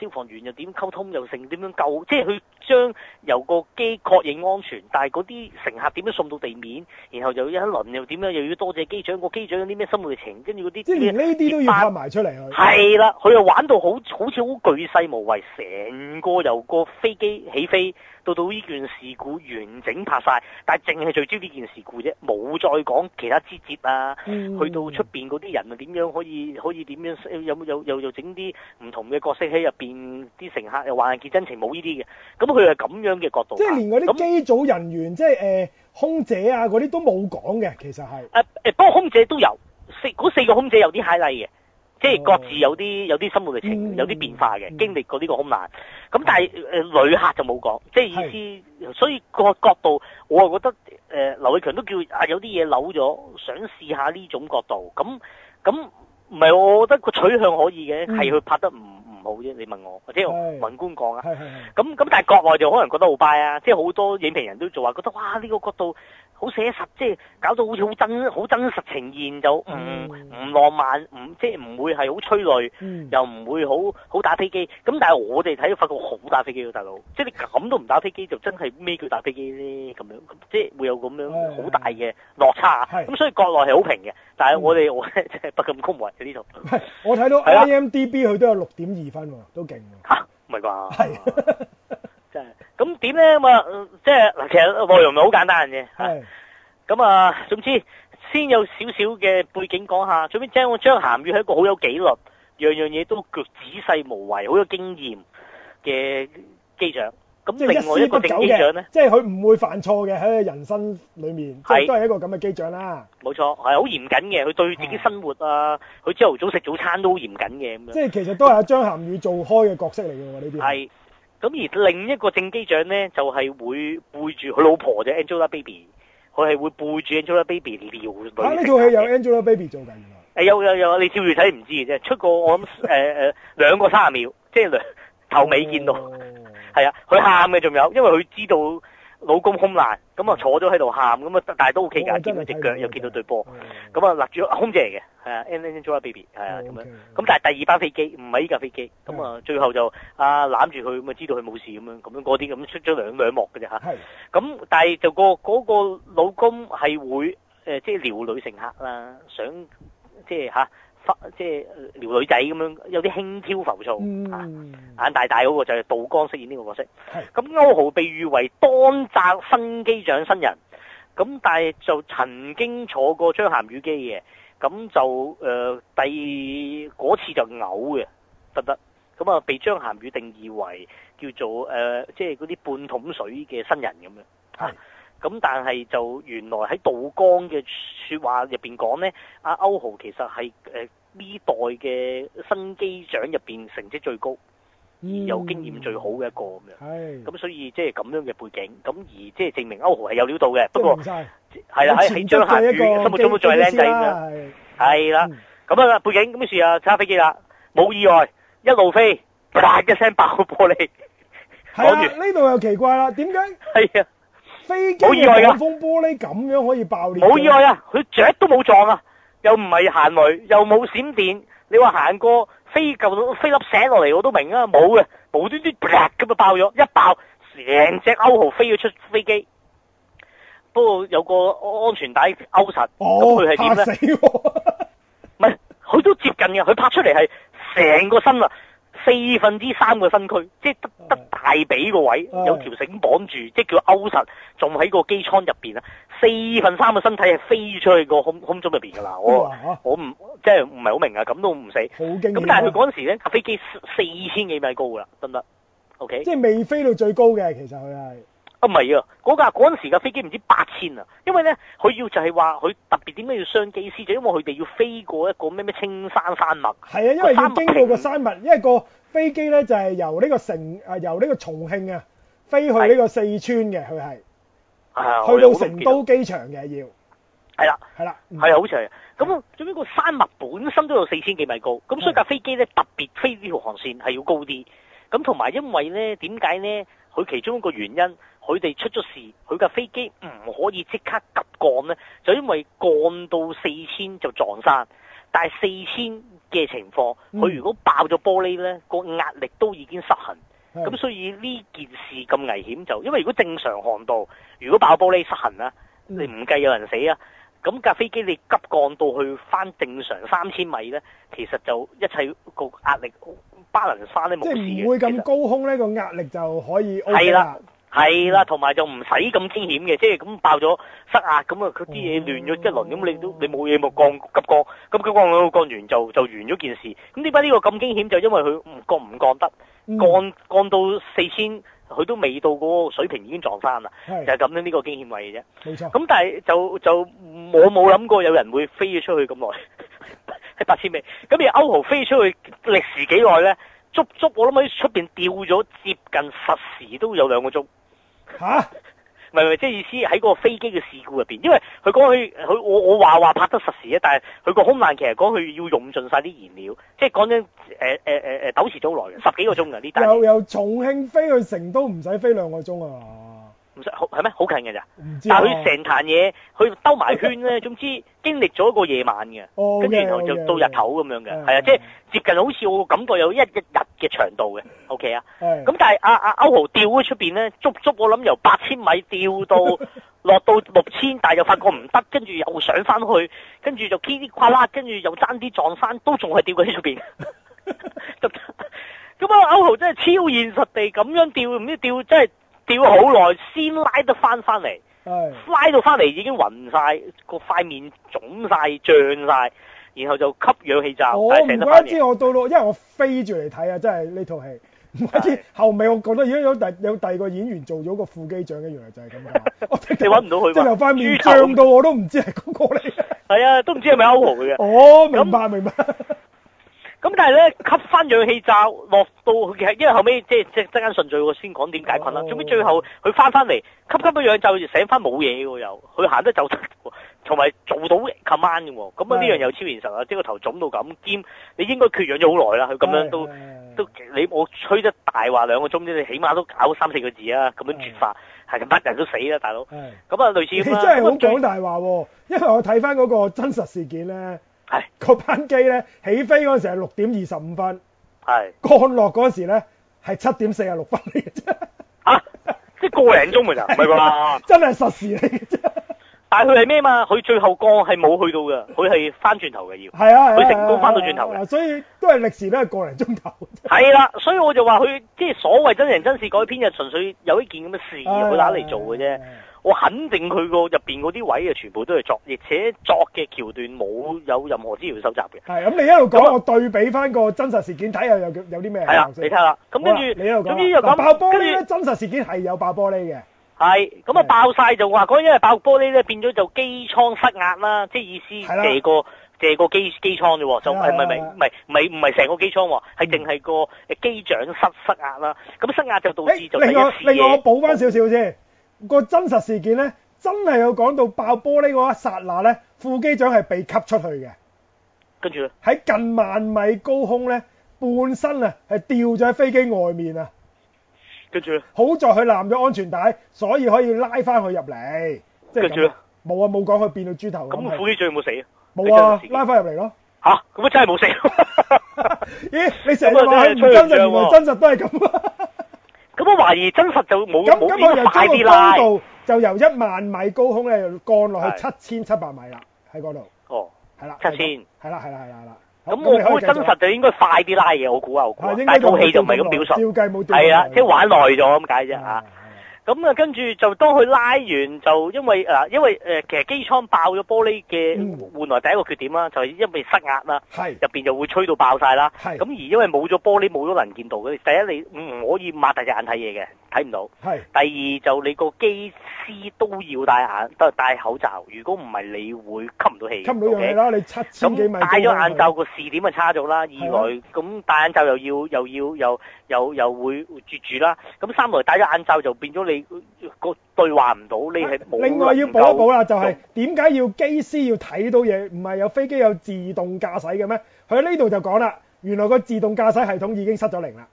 消防員又點溝通，又成點樣救，即係佢將由個機確認安全，但係嗰啲乘客點樣送到地面，然後又有一輪又點樣，又要多謝機長個機長有啲咩心路情，跟住嗰啲即呢啲都要拍埋出嚟。係啦，佢又玩到好好好似好巨細無遺，成個由個飛機起飛到到呢件事故完整拍晒。但係淨係聚焦呢件事故啫，冇再講其他枝節啊。嗯，去到出邊嗰啲人啊，點樣可以可以點樣有有又又整啲唔同嘅角色喺入。變啲乘客又話係見真情，冇呢啲嘅，咁佢係咁樣嘅角度。即係連嗰啲機組人員，嗯、即係誒空姐啊嗰啲都冇講嘅，其實係誒誒。不過、啊啊啊、空姐都有四嗰四個空姐有啲蟹 i 嘅，哦、即係各自有啲有啲心裏嘅情，嗯、有啲變化嘅經歷過呢個空難。咁、嗯、但係誒旅客就冇講，即係意思，是所以個角度我係覺得誒、呃、劉偉強都叫啊有啲嘢扭咗，想試下呢種角度。咁咁唔係，我覺得個取向可以嘅，係佢拍得唔。好啫，你問我，或者雲官講啊，咁咁，但係國內就可能覺得好 b 啊，即係好多影評人都做話，覺得哇呢、這個角度。好寫實，即係搞到好似好真好真實呈現，就唔唔浪漫，唔即係唔會係好催淚，又唔會好好打飛機。咁但係我哋睇到發覺好打飛機嘅大佬，即係你咁都唔打飛機，就真係咩叫打飛機咧？咁樣即係會有咁樣好大嘅落差。咁，是所以國內係好平嘅，但係我哋、嗯、我即係不禁空懷喺呢度。我睇到 IMDB 佢對了 都有六點二分，都勁嚇，唔係啩？係。真係，咁點咧咁啊？即係嗱，其實內容咪好簡單嘅吓。咁啊，總之先有少少嘅背景講下，順便聽我張涵予係一個好有紀律，樣樣嘢都腳仔細無遺，好有經驗嘅機長。咁另外一個正機長咧，即係佢唔會犯錯嘅喺人生裏面，即係都係一個咁嘅機長啦。冇錯，係好嚴謹嘅，佢對自己生活啊，佢朝頭早食早餐都好嚴謹嘅咁樣。即係其實都係阿張涵予做開嘅角色嚟嘅喎呢啲。係。咁而另一個正機長咧，就係、是、會背住佢老婆嘅 Angelababy 佢係會背住 Angelababy 尿女。嚇、啊，呢套戲有 Angelababy 做㗎原、呃、有有有，你照住睇唔知嘅啫，出過我諗誒誒兩個三十秒，即係兩頭尾見到，係、oh. 啊，佢喊嘅仲有，因為佢知道。老公空難，咁啊坐咗喺度喊，咁啊但係都 OK 㗎，見到隻腳又見到對波，咁啊立住空姐嚟嘅。係啊，Angelababy 係啊咁樣咁，但係第二班飛機唔係依架飛機，咁啊的最後就啊攬住佢咁啊知道佢冇事咁樣咁樣過啲咁出咗兩兩幕嘅啫吓。咁的但係就、個嗰個老公係會誒即係撩女乘客啦，想即係吓。即係啊即係撩女仔咁樣，有啲輕佻浮躁嚇，嗯、眼大大嗰個就杜、是、江飾演呢個角色。咁是歐豪被譽為當紮新機長新人，咁但係就曾經坐過張涵予機嘅，咁就誒、呃、第嗰次就嘔嘅，得唔得？咁啊，被張涵予定義為叫做誒、呃，即係嗰啲半桶水嘅新人咁樣嚇。咁但係就原來喺杜江嘅說話入邊講咧，阿歐豪其實係誒呢代嘅新機長入邊成績最高，有經驗最好嘅一個咁樣。係。咁所以即係咁樣嘅背景，咁而即係證明歐豪係有料到嘅。不過係啦，喺喺張涵予心目中都最係靚仔咁樣。係啦，咁啊背景，於是啊揸飛機啦，冇意外，一路飛，啪一聲爆個玻璃。講完，呢度又奇怪啦，點解？係啊。飛機冇意外噶，風玻璃咁樣可以爆裂。冇意外啊，佢雀都冇撞啊，又唔係行雷，又冇閃電。你話行過飛到飛粒射落嚟，我都明啊，冇嘅，無端端劈咁就爆咗，一爆成隻歐豪飛咗出飛機。不過有個安全帶勾實，咁佢係點咧？唔係，佢都接近嘅，佢拍出嚟係成個身啦。四分之三個身軀，即係得得大髀個位，有條繩綁住，即係叫勾實，仲喺個機艙入邊啊！四分三個身體係飛出去個空空中入邊噶啦，我我唔即係唔係好明啊，咁都唔死，咁、好勁啊、但係佢嗰陣時咧，架飛機四千幾米高噶啦，得唔得？OK，即係未飛到最高嘅，其實佢係。啊，唔係啊，嗰架嗰陣時架飛機唔知八千啊，因為咧，佢要就係話佢特別點解要雙機師，就是、因為佢哋要飛過一個咩咩青山山脈。係啊，因為要經過個山脈，因為個飛機咧就係由呢個成、呃、由呢個重慶啊，飛去呢個四川嘅，佢係係去到成都機場嘅，要係啦，係啦、啊、係、嗯、啊，好長。咁總之個山脈本身都有四千幾米高，咁所以架飛機咧、嗯、特別飛呢條航線係要高啲。咁同埋因為咧，點解咧？佢其中一個原因。佢哋出咗事，佢架飛機唔可以即刻急降呢。就因為降到四千就撞山。但係四千嘅情況，佢、嗯、如果爆咗玻璃呢，個壓力都已經失衡。咁、嗯、所以呢件事咁危險，就因為如果正常航道，如果爆玻璃失衡啦，嗯、你唔計有人死啊，咁架飛機你急降到去翻正常三千米呢，其實就一切個壓力 balance 翻呢冇事嘅。即係唔會咁高空呢個壓力就可以、OK。係啦。係啦，同埋就唔使咁驚險嘅，即係咁爆咗塞壓咁啊，佢啲嘢亂咗一輪，咁你都你冇嘢冇降急降，咁佢降降完就就完咗件事。咁點解呢個咁驚險？就因為佢唔降唔降得，降降到四千，佢都未到嗰個水平已經撞翻啦。的就係咁啦，呢個驚險位嘅啫。咁的但係就就我冇諗過有人會飛咗出去咁耐，喺 八千米，咁而歐豪飛出去歷時幾耐咧？足足我諗喺出面掉咗接近實時都有兩個鐘。吓，唔係唔係即係意思喺個飛機嘅事故入邊，因為佢講佢佢我我話話拍得實時咧，但係佢個空難其實講佢要用盡晒啲燃料，即係講緊誒誒誒誒，斗時早來十幾個鐘嘅呢單，又由重慶飛去成都唔使飛兩個鐘啊。唔使好係咩？好近嘅咋，啊、但係佢成壇嘢，佢兜埋圈咧。總之經歷咗一個夜晚嘅，跟住 Okay, 就到日頭咁樣嘅，係啊，即係接近好似我感覺有一一日嘅長度嘅。嗯、o、okay、K 啊，咁的但係阿、啊、歐豪掉喺出面咧，足足我諗由八千米吊到 落到六千，但係又發覺唔得，跟住又上翻去，跟住就攣攣垮啦，跟住又爭啲撞返， 都仲係吊喺出面。咁啊， 歐豪真係超現實地咁樣吊，唔知釣真係。吊好耐，先拉得翻翻嚟，是拉到翻嚟已經暈晒，個塊面腫晒脹晒，然後就吸氧氣罩。我唔、哦、怪之我到到，因為我飛住嚟睇啊，真係呢套戲。唔怪之後尾，我覺得有有第有第二個演員做咗個副機長一樣嚟，就係咁啊！我直情揾唔到佢，即係由塊面脹到我都唔知係嗰個咧。係啊，都唔知係咪歐豪嘅。哦，明白那明白。咁但係咧吸翻氧氣罩落到，佢其實因為後尾即係即係爭緊順序，我先講點解困啦。哦、總之最後佢翻翻嚟吸吸咗氧罩，醒翻冇嘢喎又，佢行得走得，同埋做到 command 嘅喎的。咁啊呢樣又超現實啊！即係個頭腫到咁，兼你應該缺氧咗好耐啦。佢咁樣都的都，都你我吹得大話兩個鐘，你起碼都搞三四個字啊！咁樣絕法係乜人都死啦，大佬。咁啊的類似你真係好講大話、啊、因為我睇翻嗰個真實事件咧。係個班機咧起飛嗰時係六點二十五分，係的降落嗰時咧係七點四十六分，啊即係個零鐘咪咋？唔係啩？真係實時嚟，啫但係佢係咩嘛？佢最後降係冇去到嘅，佢係翻轉頭嘅要，係啊，佢成功翻到轉頭嘅，所以都係歷時都係個零鐘頭。係啦，所以我就話佢即係所謂真人真事改編，就純粹有一件咁嘅事，佢攞嚟做嘅啫。我肯定佢個入邊嗰啲位啊，全部都係作，而且作嘅橋段冇有任何資料收集嘅。係咁，你一路講，我對比翻個真實事件睇下，有有啲咩係啊？你睇下啦，咁跟住，總之又咁，爆玻璃咧，真實事件係有爆玻璃嘅。係咁啊，爆晒就我話因為爆玻璃咧，變咗就機艙失壓啦。即係意思，借個借個機機艙啫。就唔係唔係唔係唔係成個機艙，係定係個機長失失壓啦。咁失壓就導致就第一次，另外，另外我補翻少少先。個真實事件咧，真係有講到爆玻璃嗰一刹那咧，副機長係被吸出去嘅。跟住咧，喺近萬米高空咧，半身啊係吊咗喺飛機外面啊。跟住咧，好在佢攬咗安全帶，所以可以拉翻佢入嚟。即係、跟住咧，冇啊，冇講佢變到豬頭。咁、啊、副機長有冇死啊？冇啊，拉翻入嚟咯。吓？咁啊真係冇死？ 咦？你成日話唔真實，原來真實都係咁。 咁我懷疑真實就冇咁快啲拉，咁我又將個高度就由一萬米高空咧，降落去七千七百米啦，喺嗰度。哦，係啦，七千，係啦，係啦，係啦。咁我估真實就應該快啲拉嘅，我估啊，我估啊，但係套戲就唔係咁表述。係啦，即係玩耐咗咁解啫嚇。咁啊，跟住就當佢拉完，就因為啊，因為、呃、其實機艙爆咗玻璃嘅換、嗯、來第一個缺點啦，就係因為失壓啦，係入是面就會吹到爆晒啦，係咁是而因為冇咗玻璃冇咗能見度嘅，第一你唔可以擘大隻眼睇嘢嘅，睇唔到，係是第二就你個機師都要戴眼，戴戴口罩，如果唔係你會吸唔到氣，吸唔到氧氣啦，嗯、你七千幾米咁戴咗眼罩個視點差啊差咗啦，二來。咁戴眼罩又要又要又要又又，又會絕住啦，咁三來戴咗眼罩就變咗你。你個對話唔到，你係另外要補一補啦，就係點解要機師要睇到嘢？唔係有飛機有自動駕駛嘅咩？佢喺呢度就講啦，原來個自動駕駛系統已經失咗靈啦。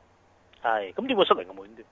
係，咁點會失靈咁？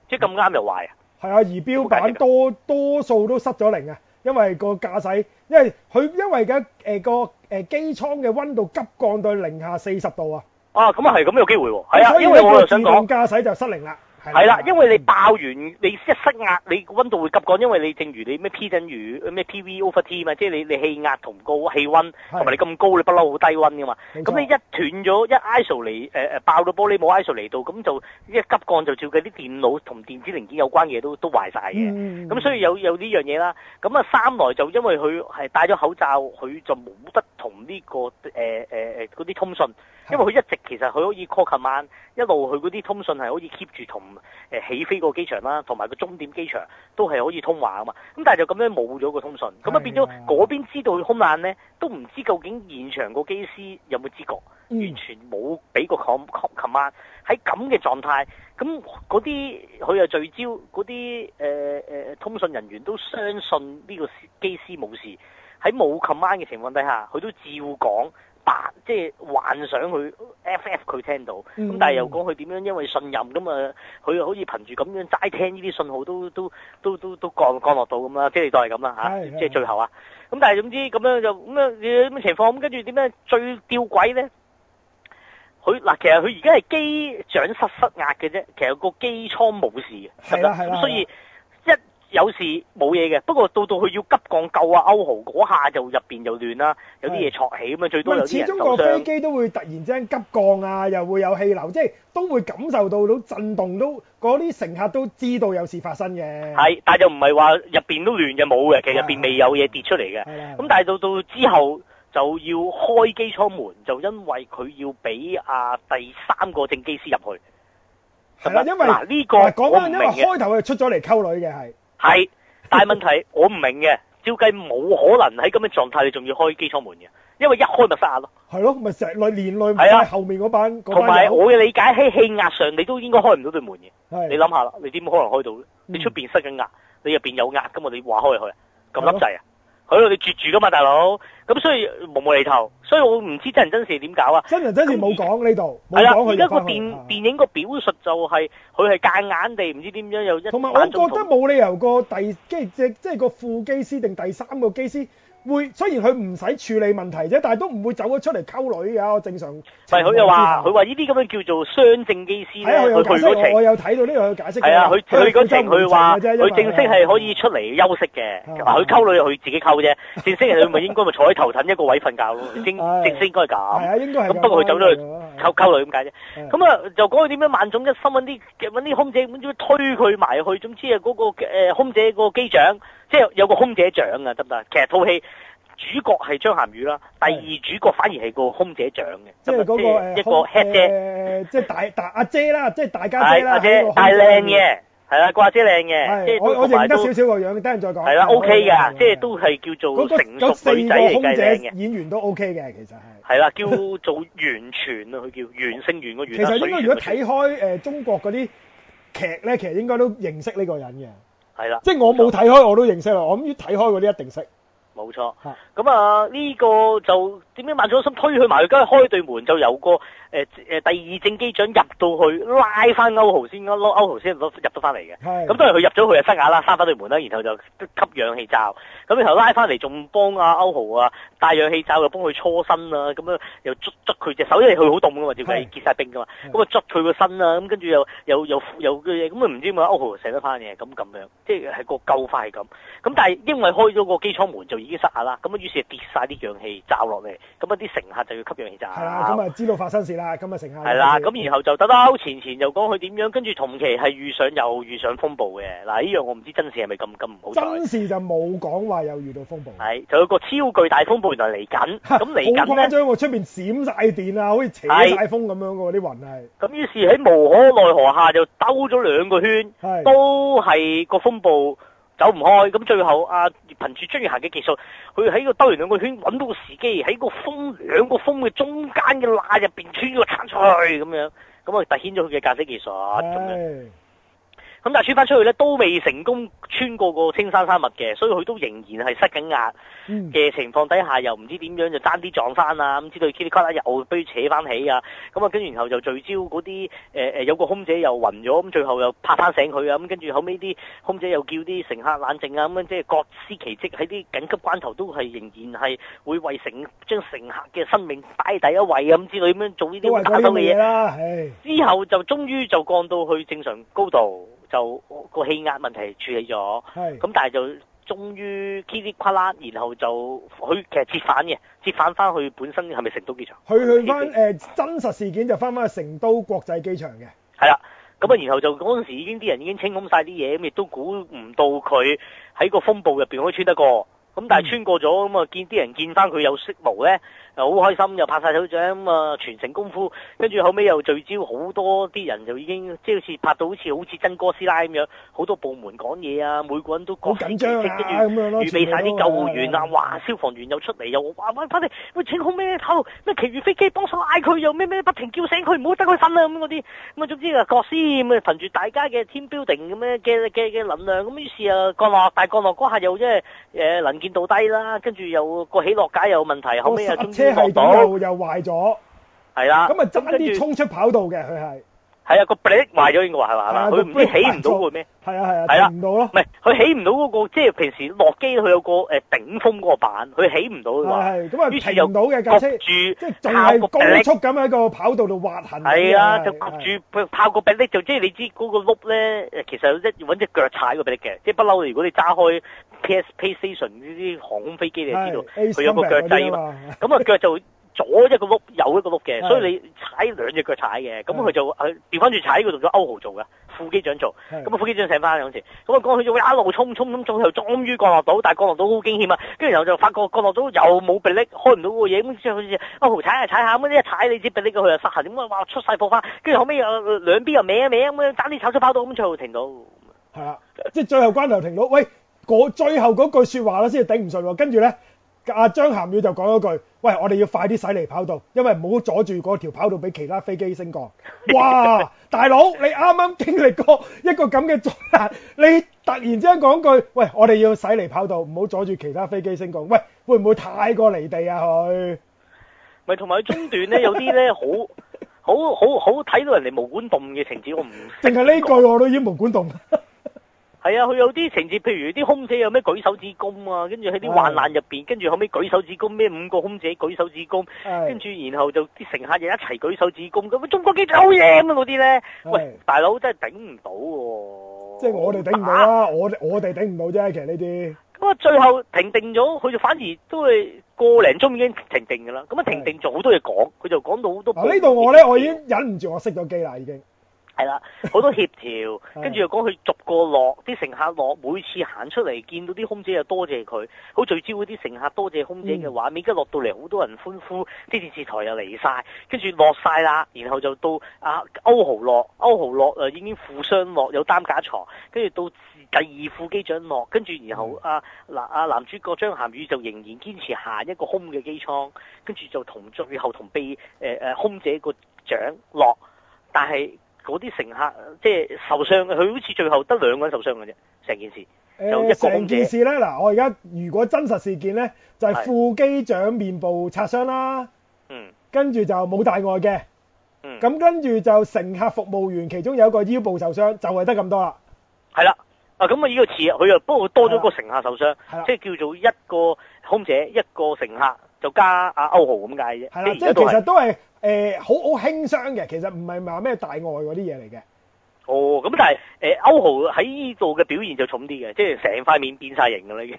即係咁啱又壞啊？係啊，儀表板多多數都失咗靈啊，因為個駕駛，因為佢因為嘅誒個誒機艙嘅溫度急降到零下四十度啊。啊，咁啊係咁有機會喎。係啊，因為佢自動駕駛就失靈啦。係啦，因為你爆完，你一失壓，你温度會急降，因為你正如你咩 P 陣如咩 PV over T 嘛，即係你你氣壓同高氣温同埋你咁高，你不嬲好低温噶嘛。咁的你一斷咗一 isolate，爆到玻璃冇 isolate 到，咁就一急降就照計啲電腦同電子零件有關嘢都都壞晒嘅。咁、嗯、所以有有呢樣嘢啦。咁啊三來就因為佢係戴咗口罩，佢就冇得同呢個誒誒誒嗰啲通訊，因為佢一直其實佢可以 call 琴晚一路佢嗰啲通訊係可以 keep 住同。誒起飛個機場啦，同埋個終點機場都係可以通話啊嘛，咁但係就咁樣冇咗個通訊，咁啊的變咗嗰邊知道空難咧，都唔知究竟現場個機師有冇知覺，完全冇俾個 command。喺咁嘅狀態，咁嗰啲佢就聚焦嗰啲誒誒通訊人員都相信呢個機師冇事，喺冇 command 嘅情況底下，佢都照講。白即係幻想佢 FF 佢聽到，咁但係又講佢點樣，因為信任咁啊，佢好似憑住咁樣齋聽呢啲信號都都都都都降降落到咁啦，即你都係咁啦嚇，即係、啊、最後啊，咁但係總之咁樣就咁樣嘅情況咁跟住點樣最吊詭咧？佢嗱，其實佢而家係機長失失壓嘅啫，其實個機艙冇事嘅，係啦、係啦，咁、啊、所以。有事冇嘢嘅，不過到到佢要急降救啊歐豪嗰下就入邊就亂啦，有啲嘢錯起咁啊，的最多有啲人受傷。始終個飛機都會突然之間急降啊，又會有氣流，即係都會感受到到震動，都嗰啲乘客都知道有事發生嘅。係，但係就唔係話入邊都亂就冇嘅，的其實入邊未有嘢跌出嚟嘅。咁但係到到之後就要開機艙門，的就因為佢要俾啊第三個正機師入去。係啊的，因為嗱呢、啊這個、啊、我唔明嘅。講返因為開頭係出咗嚟溝女嘅係。係，但係問題我唔明嘅， 照計冇可能喺咁嘅狀態你仲要開機艙門嘅，因為一開咪失壓咯。係咯，咪成日內連內，係啊，後面嗰班。同埋的我嘅理解喺氣壓上，你都應該開唔到對門嘅的。你諗下啦，你點可能開到、嗯、你出邊塞緊壓，你入邊有壓咁，我哋話開就開，咁粒掣啊！佢度你絕住㗎嘛，大佬。咁所以冇冇厘頭，所以我唔知真人真事點搞啊。真人真事冇講呢度，冇講佢。而家個電電影個表述就係佢係間硬地，唔知點樣有一同埋，我覺得冇理由個第即係即係個副機師定第三個機師。會，雖然佢唔使處理問題啫，但係都唔會走咗出嚟溝女㗎。我正常。咪佢又話，佢話呢啲咁樣叫做雙正機師咧。佢佢嗰程，我有睇到呢個解釋。係啊，佢佢嗰程佢話，佢正式係可以出嚟休息嘅。佢溝女，佢自己溝啫。正式係佢咪應該咪坐喺頭等一個位瞓覺咯。應，正式應該係咁。係啊，應該係。咁不過佢走咗去溝溝女咁解啫？咁啊，就講佢點樣萬眾一心揾啲揾啲空姐，點樣推佢埋去。總之啊，嗰個誒空姐個機長。即係有個空姐獎啊，得唔得？其實套戲主角係張涵予啦，第二主角反而係個空姐獎嘅，即係嗰個一個 head 姐，即係大大阿姐啦，即係大家姐啦，大靚嘅，係啦，個阿姐靚嘅，我我認得少少個樣，等陣再講。係啦，OK 嘅，即係都係叫做成熟女仔嚟計，靚嘅演員都 OK 嘅，其實係。係啦，叫做完全啊，佢叫完聖完個完啊，其實如果睇開誒中國嗰啲劇咧，其實應該都認識呢個人嘅。係啦，即係我冇睇開，我都認識啦。錯我諗要睇開嗰啲一定識錯，冇錯的。係咁啊，呢、這個就。點解萬咗心推佢埋去？咁開對門就有個誒誒、呃、第二正機長入到去拉翻歐豪先咯，歐豪先入到翻嚟嘅。咁的、嗯、當然佢入咗去就塞牙啦，閂翻對門啦，然後就吸氧氣罩。咁然後拉翻嚟仲幫阿歐豪啊帶氧氣罩，又幫佢搓身啊咁樣，又捉捉佢隻手，因為佢好凍啊嘛，解結晒冰噶嘛，咁啊的捉佢個身啊。咁跟住又又又又嘅嘢，咁啊唔知點解歐豪醒得翻嘅，咁咁樣，樣即係係個救法係咁。咁但係因為開咗個機艙門就已經塞牙啦，咁啊於是跌晒啲氧氣罩落嚟。咁一啲乘客就要吸氧罩。係啦，咁啊，知道發生事啦，咁啊，乘客。係啦，咁然後就兜兜 前前又講佢點樣，跟住同期係遇上又遇上風暴嘅。嗱，呢樣我唔知真事係咪咁咁唔好。真事就冇講話又遇到風暴。係，就有一個超巨大風暴原來嚟緊，咁嚟緊咧。好誇張喎！出面閃晒電啊，好似扯曬風咁樣喎，啲雲係。咁於是喺無可奈何何下就兜咗兩個圈，的都係個風暴。走唔開，咁最後阿、啊、憑住張涵予嘅技術，佢喺、這個兜完兩個圈，搵到個時機，喺個風兩個風嘅中間嘅罅入面穿咗個鏟出去咁樣，咁啊突顯咗佢嘅駕駛技術咁樣的咁但係穿翻出去咧，都未成功穿過個青山山脈嘅，所以佢都仍然係失緊壓嘅情況底下，嗯、又唔知點樣就爭啲撞山啊，咁之類 k i l i k a 又俾扯翻起啊，咁啊跟住然後就聚焦嗰啲誒有個空姐又暈咗，咁最後又拍翻醒佢啊，咁跟住後尾啲空姐又叫啲乘客冷靜啊，咁樣即係各司其職喺啲緊急關頭都係仍然係會為乘將乘客嘅生命擺第一位咁、啊、之類咁樣做呢啲打手嘅嘢啦。之後就終於就降到去正常高度、嗯就個氣壓問題處理咗，咁是但係就終於 k 里 t 啦，然後就佢其實折返嘅，折返翻去本身係咪成都機場？佢去翻誒比真實事件就翻翻成都國際機場嘅，係啦，咁啊，然後就嗰陣、嗯、時已經啲人已經清空晒啲嘢，咁亦都估唔到佢喺個風暴入邊可以穿得過，咁但係穿過咗，咁啊見啲人見翻佢有色毛咧。又好開心，又拍晒手掌咁啊！全程功夫，跟住後尾又聚焦好多啲人，就已經即係好似拍到好似好似真哥斯拉咁樣。好多部門講嘢啊，每個人都各緊張緊張，跟住預備曬啲救援啊，話消防員又出嚟又話：，快快啲喂，請好咩偷咩？其餘飛機幫手嗌佢，又咩咩不停叫醒佢，唔好得佢瞓啦咁嗰啲。咁啊，總之啊，各師咁啊，憑住大家嘅 team building 咁嘅嘅嘅能量咁，於是啊降落，大降落嗰下又即係誒能見度低啦，跟住又個起落架又有問題，後尾。啊，系統又又壞咗？係啦，咁啊差啲衝出跑道嘅佢係。係啊，個霹靂壞咗應該話係嘛，係嘛，佢唔知起唔到個咩？係啊係啊，係、啊、啦，唔駛滑 到咯。唔係、啊，佢、啊、起唔到嗰、那個，即係平時落機佢有個誒頂峰嗰個板，佢起唔到嘅話。係咁啊，平衡到嘅架式。焗住即係靠個高速咁喺個跑道度滑行。係個啊，就焗住佢靠個霹靂，就即係你知嗰個轆咧，誒，其實一搵隻腳踩個霹靂嘅，即係不嬲。如果你揸開 PS PlayStation 呢啲航空飛機，你就知道佢有個腳掣嘛。咁啊，腳就會。左一個轆，右一個轆嘅，所以你踩兩隻腳踩嘅，咁佢是的 就佢調翻轉踩，佢用咗歐豪做嘅副機長做，咁啊是的 副機長醒翻兩次，咁我講佢做一路沖沖咁，最後終於降落到，但降落到好驚險啊，跟住然又然後就發覺降落到又冇臂力，開唔到個嘢，咁即係好似歐豪踩下、啊、踩下、啊啊，咁一踩你隻臂力過去又失衡，咁解哇出晒火花，跟住後尾又兩邊又歪一歪咁樣，爭啲炒出跑道咁，最後停到。係啦，即係最後關頭停到，喂，最後嗰句説話啦先係頂唔順喎，跟住咧。阿張涵予就講一句：，喂，我哋要快啲駛離跑道，因為唔好阻住嗰條跑道俾其他飛機升降。哇，大佬，你啱啱經歷過一個咁嘅災難，你突然之間講句：，喂，我哋要駛離跑道，唔好阻住其他飛機升降。喂，會唔會太過離地啊？佢咪同埋佢中段咧，有啲咧好，好好好睇到人哋毛管動嘅情節，我唔淨係呢句我都已經毛管動。係啊，佢有啲情節，譬如啲空姐有咩舉手指公啊，跟住喺啲患難入邊，跟住後尾舉手指公，咩五個空姐舉手指公，跟住然後就啲乘客又一齊舉手指公，咁中國機仔好嘢咁啊！嗰啲咧，喂，大佬真係頂唔到喎。即係我哋頂唔到啦，我我哋頂唔到啫，其實呢啲。咁啊，最後停定咗，佢就反而都係過零鐘已經停定㗎啦。咁啊，停定咗好多嘢講，佢就講到好多。啊，呢度我咧，我已經忍唔住，我熄咗機啦，已經。係啦，好多協調，跟住 又講佢逐個落，啲乘客落每次行出嚟見到啲空姐就多謝佢，好聚焦嗰啲乘客多謝空姐嘅畫面，一落到嚟好多人歡呼，啲電視台又嚟曬，跟住落曬啦，然後就到啊歐豪落，歐豪落已經負傷落有擔架床。跟住到第二副機長落，跟住然後啊嗱、啊啊、男主角張涵予就仍然堅持行一個空嘅機艙，跟住就同最後同被誒誒、呃、空姐個長落，但係。嗰啲乘客即係受傷，佢好似最後得兩個人受傷嘅啫，成件事、呃、就一成件事咧，嗱，我而家如果真實事件咧，就係、係、副機長面部擦傷啦，的沒嗯，跟住就冇大礙嘅，嗯，咁跟住就乘客服務員其中有一個腰部受傷，就係得咁多啦。係啦，啊咁啊，呢個似啊，佢啊不過多咗個乘客受傷，即係叫做一個空姐一個乘客。啊啊啊就加阿歐豪咁解啫，係啦的，即係其實都係誒好好輕傷嘅，其實唔係話咩大礙嗰啲嘢嚟嘅。哦，咁但係誒歐豪喺呢度嘅表現就重啲嘅，即係成塊面變晒形㗎啦，已經，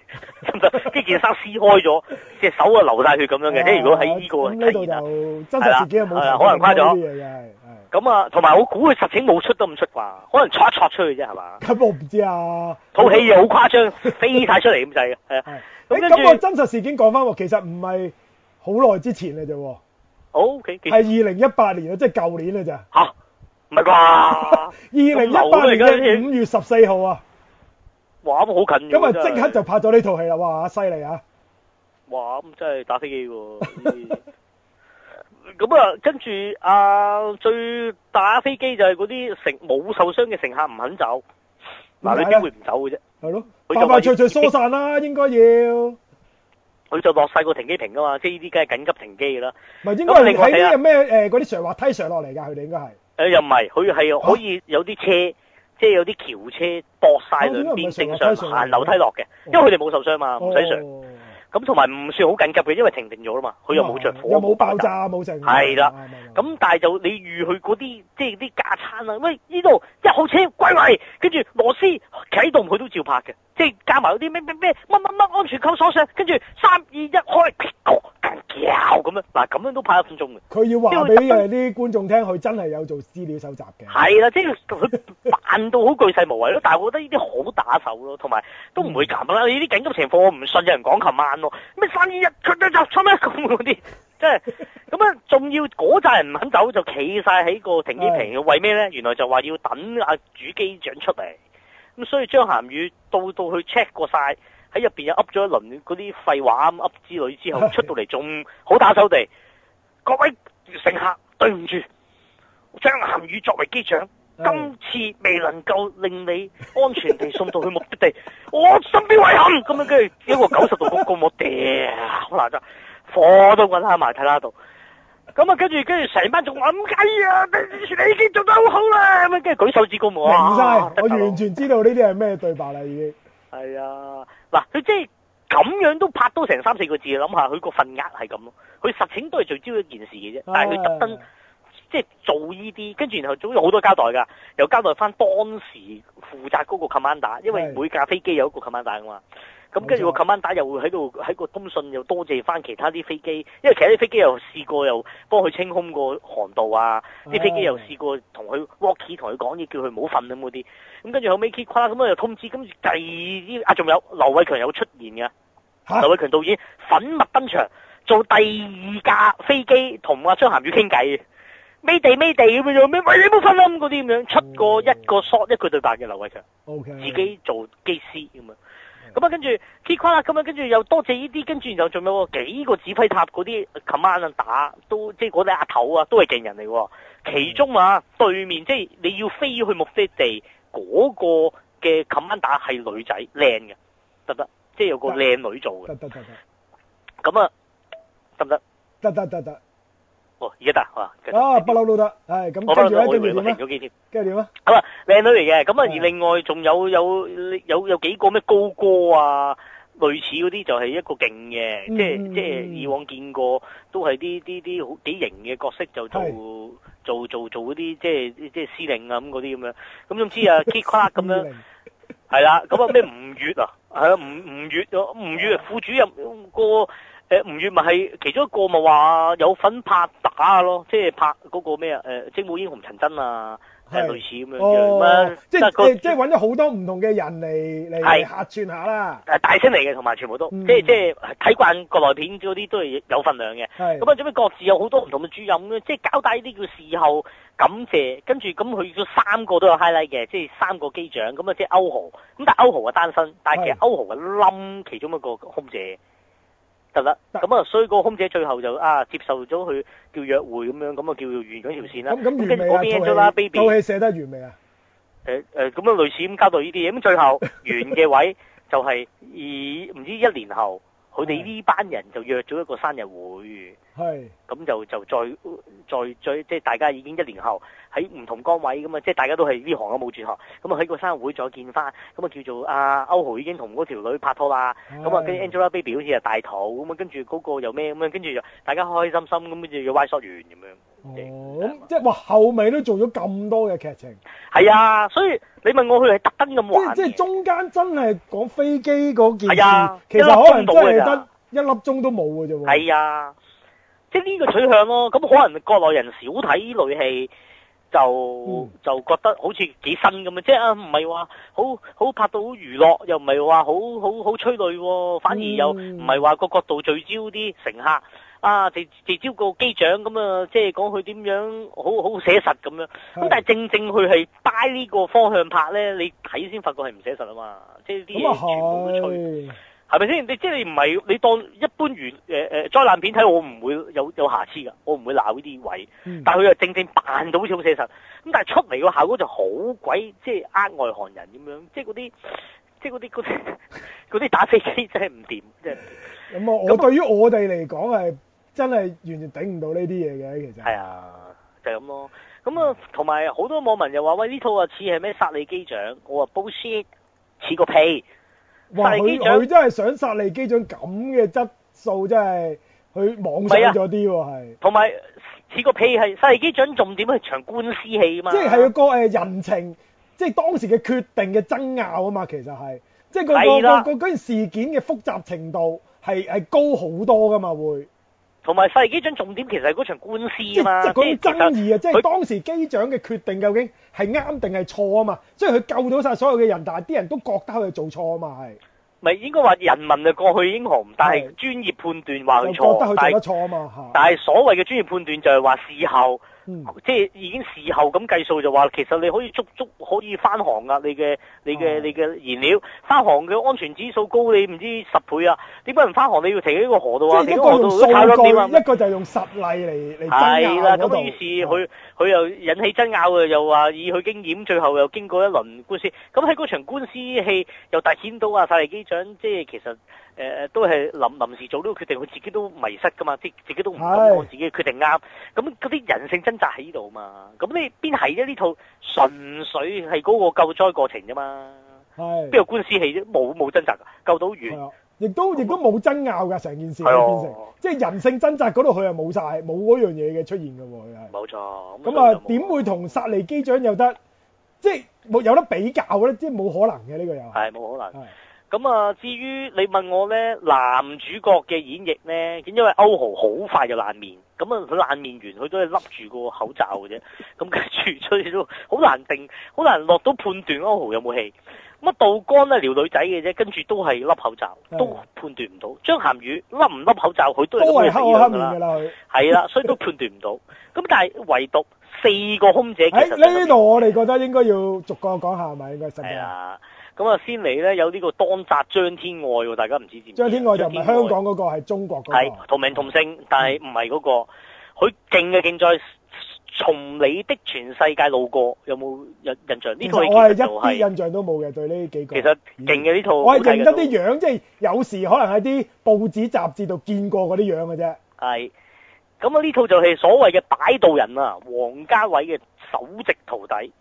即係件衫撕開咗，隻手啊流晒血咁樣嘅。即係如果喺呢個睇，咁呢度就真係自己係冇錯咗咁啊，同埋我估佢實情冇出都唔出啩，可能撮一撮出去啫係嘛？咁我唔知啊。套戲又好誇張， 飛曬出嚟咁滯嘅，係啊。咁咁個真實事件講翻喎，其實唔係好耐之前咧啫。好 okay, okay.，係二零一八年啊，即係舊年咧咋？吓？唔係啩？二零一八年五月十四號啊。哇！咁好近㗎。咁啊，即刻就拍咗呢套戲啦！哇！犀利啊！哇！咁真係打飛機喎。 咁啊，跟住啊，最打飛機就係嗰啲乘冇受傷嘅乘客唔肯走。嗱，你點會唔走嘅啫？係咯，快脆脆疏散啦，應該要。佢就落晒個停機坪噶嘛，即係呢啲梗係緊急停機噶啦。唔係應該係睇啲咩嗰啲上滑梯上落嚟㗎，佢哋應該係。又唔係，佢係可以有啲車，即係有啲橋車駁晒兩邊，正常行樓梯落嘅，因為佢哋冇受傷嘛，唔使上。咁同埋唔算好緊急嘅，因為停定咗啦嘛，佢又冇著火，冇、哦、爆炸，冇著火。係啦，咁的但係就你預佢嗰啲，即係啲架撐啦，喂，呢度一號車歸位，跟住螺絲啟動，佢都照拍嘅。即加埋啲咩咩咩乜乜乜安全扣鎖上，跟住三二一開，個間叫咁樣，嗱咁樣都拍一分鐘嘅。佢要話俾呢啲觀眾聽，佢真係有做資料搜集嘅。係啦、啊，即係佢扮到好巨細無遺咯。 但係我覺得呢啲好打手咯，同埋都唔會咁啦。呢啲緊急情況我唔信有人講咁慢喎，咩三二一，佢佢就出咩咁嗰啲，即係咁樣仲要嗰扎人唔肯走，就企晒喺個停機坪，的為咩咧？原來就話要等阿主機長出嚟。咁所以張涵予到到去 check 過曬喺入面，又噏咗一輪嗰啲廢話噏之類之後，出到嚟仲好打手地，各位乘客對唔住，張涵予作為機長，嗯、今次未能夠令你安全地送到去目的地， 我深表遺憾。咁 樣跟住一個九十度鞠躬我屌，好難得，火都滾下埋睇下度。看看咁啊，跟住跟住成班仲話唔介意啊，你你已經做得好好、啊、啦，咁跟住舉手指公冇我完全知道呢啲係咩對白啦已經。係啊，嗱、啊，佢即係咁樣都拍多成三四個字，諗下佢個份額係咁咯。佢實情都係聚焦一件事嘅啫，但係佢特登即係做呢啲，跟住然後總有好多交代㗎，又交代翻當時負責嗰個 commander，因為每架飛機有一個 commander 噶嘛。咁跟住我，近晚打又喺度喺個通訊又多謝翻其他啲飛機，因為其他啲飛機又試過又幫佢清空個航道啊，啲飛機又試過同佢 walkie 同佢講嘢，叫佢唔好瞓咁嗰啲。咁跟住後尾結框咁，我又通知，跟住第啲啊，仲有劉偉強又出現嘅，啊、劉偉強導演粉墨登場，做第二架飛機同阿張涵予傾偈，Mayday Mayday 咁樣做咩？喂你唔好瞓啦！咁嗰啲咁樣出過一個 shot 一句對白嘅劉偉強，Okay. 自己做機師咁樣。咁啊，跟住，K 框啦，咁啊，跟住又多謝呢啲，跟住又仲有幾個指揮塔嗰啲 commander 打，都即係嗰啲阿頭啊，都係勁人嚟喎。其中啊，對面即係你要飛去目、那個、的地嗰個嘅 commander 打係係、um uh okay、女仔，靚嘅，得唔得？即係有個靚女做嘅，得得得得。咁啊，得唔得？得得得得。哦，而家得啊，啊，不嬲都得，係咁，跟住咧，我哋有幾條，跟住點啊？好啦，靚女嚟嘅，咁啊，而另外仲有有有有幾個咩高哥啊，類似嗰啲就係一個勁嘅，即係即係以往見過都係啲啲啲好幾型嘅角色，就做做做做嗰啲即係即係司令啊咁嗰啲咁樣，咁總之啊，key cut 咁樣，係啦，咁啊咩吳越啊，係啊吳吳越啊，吳越副主任個。誒吳樾咪係其中一個，咪話有份拍打咯，即係拍嗰個咩啊？誒、呃《精武英雄》陳真啊，係是類似咁樣樣即係是、那個、即係即係搵咗好多唔同嘅人嚟嚟是客串下啦。大星嚟嘅，同埋全部都、嗯、即係即係睇慣國內片嗰啲都係有份量嘅。咁啊是，最屘各自有好多唔同嘅主任是即係交代啲叫事後感謝。跟住咁佢咗三個都有 highlight 嘅，即係三個機長咁啊，即係歐豪。咁但係歐豪係單身，但係其實歐豪係冧其中一個空姐。啦，咁啊、嗯嗯，所以個空姐最後就啊接受咗佢叫約會咁樣就，咁啊叫完咗條線啦。咁咁 baby 夠你寫得完未啊。咁啊、呃呃，類似咁交代呢啲嘢。咁最後完嘅位就係二，唔 知一年後，佢哋呢班人就約咗一個生日會。係咁就就再再再即係大家已經一年後喺唔同崗位咁啊，即係大家都係呢行啊，冇轉行咁啊，喺個生日會再見翻咁啊，叫做阿歐豪已經同嗰條女拍拖啦，咁啊跟住 Angelababy 好似啊大肚咁啊，跟住嗰個又咩咁啊，跟住又大家開開心心咁樣又話續完咁樣哦，咁即係話後尾都做咗咁多嘅劇情係啊，所以你問我佢係特登咁，即係即係中間真係講飛機嗰件事，其實可能真係得一粒鐘都冇嘅啫，係啊。即係呢個取向咯，咁可能國內人少睇類戲，就就覺得好似幾新咁啊！即係啊，唔係話好好拍到好娛樂，又唔係話好好好，好催淚，反而又唔係話個角度聚焦啲乘客啊，聚焦個機長咁啊，即係講佢點樣好好寫實咁樣。咁但係正正佢係 by 呢個方向拍呢，你睇先發覺係唔寫實啊嘛，即係啲嘢全部都催。係咪先？你即係你唔係你當一般如誒誒災難片睇，我唔會有有瑕疵噶，我唔會鬧呢啲位，嗯但正正。但係佢又正正扮到好似好寫實，咁但係出嚟個效果就好鬼即係呃外行人咁樣，即係嗰啲即係嗰啲嗰啲嗰啲打飛機真係唔掂，即係。咁 我對於我哋嚟講係真係完全頂唔到呢啲嘢嘅，其實係啊，就咁、係、咯。咁啊，同埋好多網民又話喂呢套啊似係咩薩利機長，我話 bull shit 似個屁。哇！佢佢真係想薩利機長咁嘅質素，真係佢妄想咗啲喎，係。同埋似個屁係薩利機長，重點係場官司戲嘛。即係係個人情，即係當時嘅決定嘅爭拗啊嘛，其實係即係、嗰個是、啊嗰個、嗰個嗰件事件嘅複雜程度係係高好多㗎嘛會。同埋中國機長重點其實係嗰場官司啊嘛，即嗰啲爭議啊，即係當時機長嘅決定究竟係啱定係錯啊嘛，即係佢救到晒所有嘅人，但係啲人都覺得佢做錯啊嘛，係咪應該話人民嘅過去英雄，但係專業判斷話佢錯，的覺得佢做，是做得錯啊嘛，但係所謂嘅專業判斷就係話事後。嗯、即係已經事後咁計數就話，其實你可以足足可以翻航啊！你嘅你嘅你嘅燃料翻航嘅安全指數高，你唔知十倍啊！點解唔翻航？你要停喺呢個河度是啊？即係如果用數據，一個就用實例嚟嚟爭咁於是佢佢又引起爭拗啊！又話以佢經驗，最後又經過一輪官司。咁喺嗰場官司戲又突顯到啊！薩利機長即係其實。誒都係臨臨時做呢個決定，佢自己都迷失㗎嘛，即係自己都唔敢講自己嘅決定啱。咁嗰啲人性掙扎喺呢度嘛，咁你邊係啫？呢套純粹係嗰個救災過程啫嘛，邊個官司戲啫？冇冇掙扎，救到完，亦都亦都冇爭拗㗎。成件事都變成，即係人性掙扎嗰度，佢又冇晒，冇嗰樣嘢嘅出現㗎喎。佢係冇錯。咁啊，點會同薩利機長又得？即係冇有得比較咧，即係冇可能嘅呢個又係冇可能。咁啊，至於你問我咧，男主角嘅演繹咧，因為歐豪好快就爛面，咁啊佢爛面完佢都係笠住個口罩嘅啫，咁跟住所以都好難定，好難落到判斷歐豪有冇戲。咁啊杜江咧撩女仔嘅啫，跟住都係笠口罩，的都判斷唔到。張涵予笠唔笠口罩，佢都係一樣嘅啦。係嘅啦，係所以都判斷唔到。咁 但係唯獨四個空姐、欸，喺呢度我哋覺得應該要逐個講下，係咪應該？係啊。咁啊，先嚟咧有呢個當紮張天愛喎，大家唔知知，不知。張天愛就唔係香港嗰、那個，係中國嗰、那個、同名同姓，嗯、但係唔係嗰個。佢勁嘅勁在從你的全世界路過，有冇印印象？呢個我係一啲印象都冇嘅，對呢幾個其實勁嘅呢套，我認得啲樣，即、就、係、是、有時可能喺啲報紙雜誌度見過嗰啲樣嘅啫。係。咁啊，呢套就係所謂嘅擺渡人啊，王家衛嘅首席徒弟。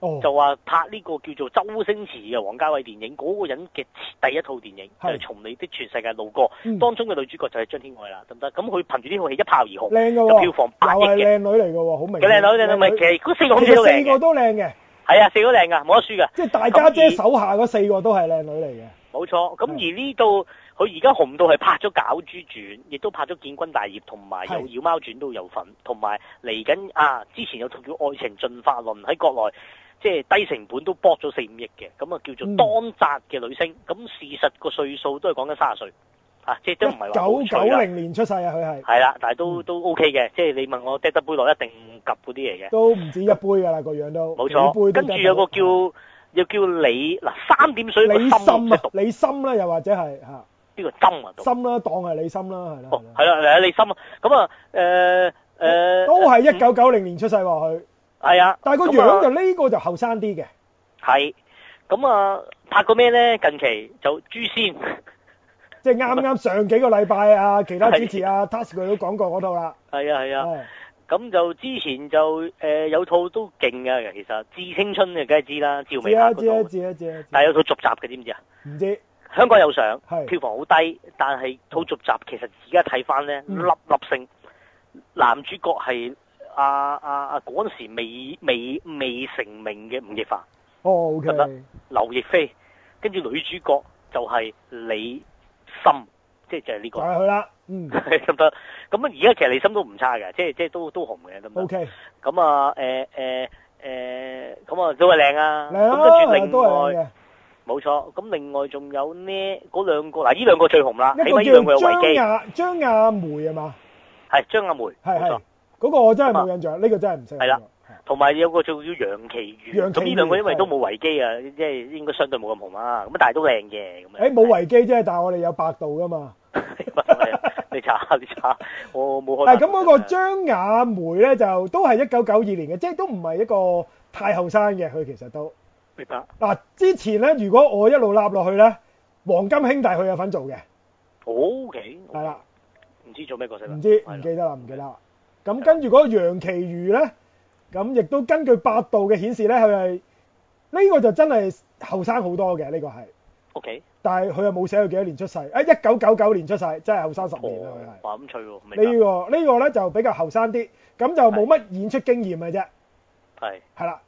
Oh. 就話拍呢個叫做周星馳嘅王家衛電影，嗰、那個人嘅第一套電影就係從你的全世界路過，當中嘅女主角就係張天愛啦，得唔得？咁佢憑住呢套戲一炮而紅，票房八億嘅，就係靚女嚟嘅，好明。個靚女靚女咪女其實嗰四,四個都靚嘅、啊，四個都靚嘅，係啊，四個靚噶，冇得輸噶。即係大家姐手下嗰四個都係靚女嚟嘅。冇錯，咁而呢度佢而家紅到係拍咗《鮫珠傳》，亦都拍咗《建軍大業》同埋《有妖貓傳》都有份，同埋嚟緊啊，之前有套叫《愛情進化論》喺國內即係、就是、低成本都搏咗四五億嘅，咁啊叫做當紮嘅女星，咁、嗯、事實個歲數都係講緊三十歲啊，即係都唔係話九九零年出世啊佢係係啦，但係都、嗯、都 OK 嘅，即係你問我飲得杯落一定及嗰啲嘢嘅，都唔止一杯㗎啦個樣都，冇錯。跟住有個叫。要叫你嗱三點水，你心啊，你心啦、啊，又或者係嚇邊個針啊？心啦，當係你心啦，係咯，係啦，係啊，你心啊。咁啊，誒誒，都係一九九零年出世喎，佢係啊，是的但係個樣就呢個就後生啲嘅，係咁啊，拍過咩咧？近期就《誅仙》，即係啱啱上幾個禮拜啊，其他主持啊的，Tasuku 佢都講過嗰套啦，係啊，係啊。是咁就之前就誒、呃、有套都勁㗎，其實《致青春》嘅梗係知啦，趙薇拍嗰套。啊知啊知啊知啊。但係有套續集嘅，知唔知啊？唔知啊。知知知，香港有上，票房好低，但係套續集其實而家睇翻咧，嗯、粒粒星。男主角係阿阿阿嗰陣時未未未成名嘅吳亦凡。哦，O、okay、K。劉亦菲，跟住女主角就係李沁。即係就係呢個，講佢啦，嗯，得唔得？咁啊，而家其實你心都唔差嘅，即係即係都都紅嘅，得唔得？OK，咁啊，誒誒誒，咁啊都係靚啊，靚啊，兩個人嘅，冇錯。咁另外仲有呢兩個，嗱，呢兩個最紅啦，起碼呢兩個有維基。張亞張亞梅啊嘛，係張亞梅，係冇錯，嗰個我真係冇印象，呢個真係唔識。係啦，同埋有個叫做楊祺如，咁呢兩個因為都冇維基啊，即係應該相對冇咁紅啊，咁啊但係都靚嘅咁啊。誒冇維基啫，但係我哋有百度噶嘛。 你查你查我冇可能。嗱，咁嗰個張亞梅咧，就都係一九九二年嘅，即係都唔係一個太後生嘅，佢其實都明白。嗱，之前咧，如果我一路揦落去咧，黃金兄弟佢有份做嘅。OK。係啦。唔知做咩角色啦？唔知，唔記得啦，唔記得啦。咁跟住嗰個楊其餘咧，咁亦都根據百度嘅顯示咧，佢係呢個就真係後生好多嘅，呢個係。Okay. 但係佢又冇寫佢幾多年出世，誒一九九九年出世，真係後生十年、哦、啊！咁脆喎！呢、呢個呢、呢個咧就比較後生啲，咁就冇乜演出經驗嘅啫。係的。係啦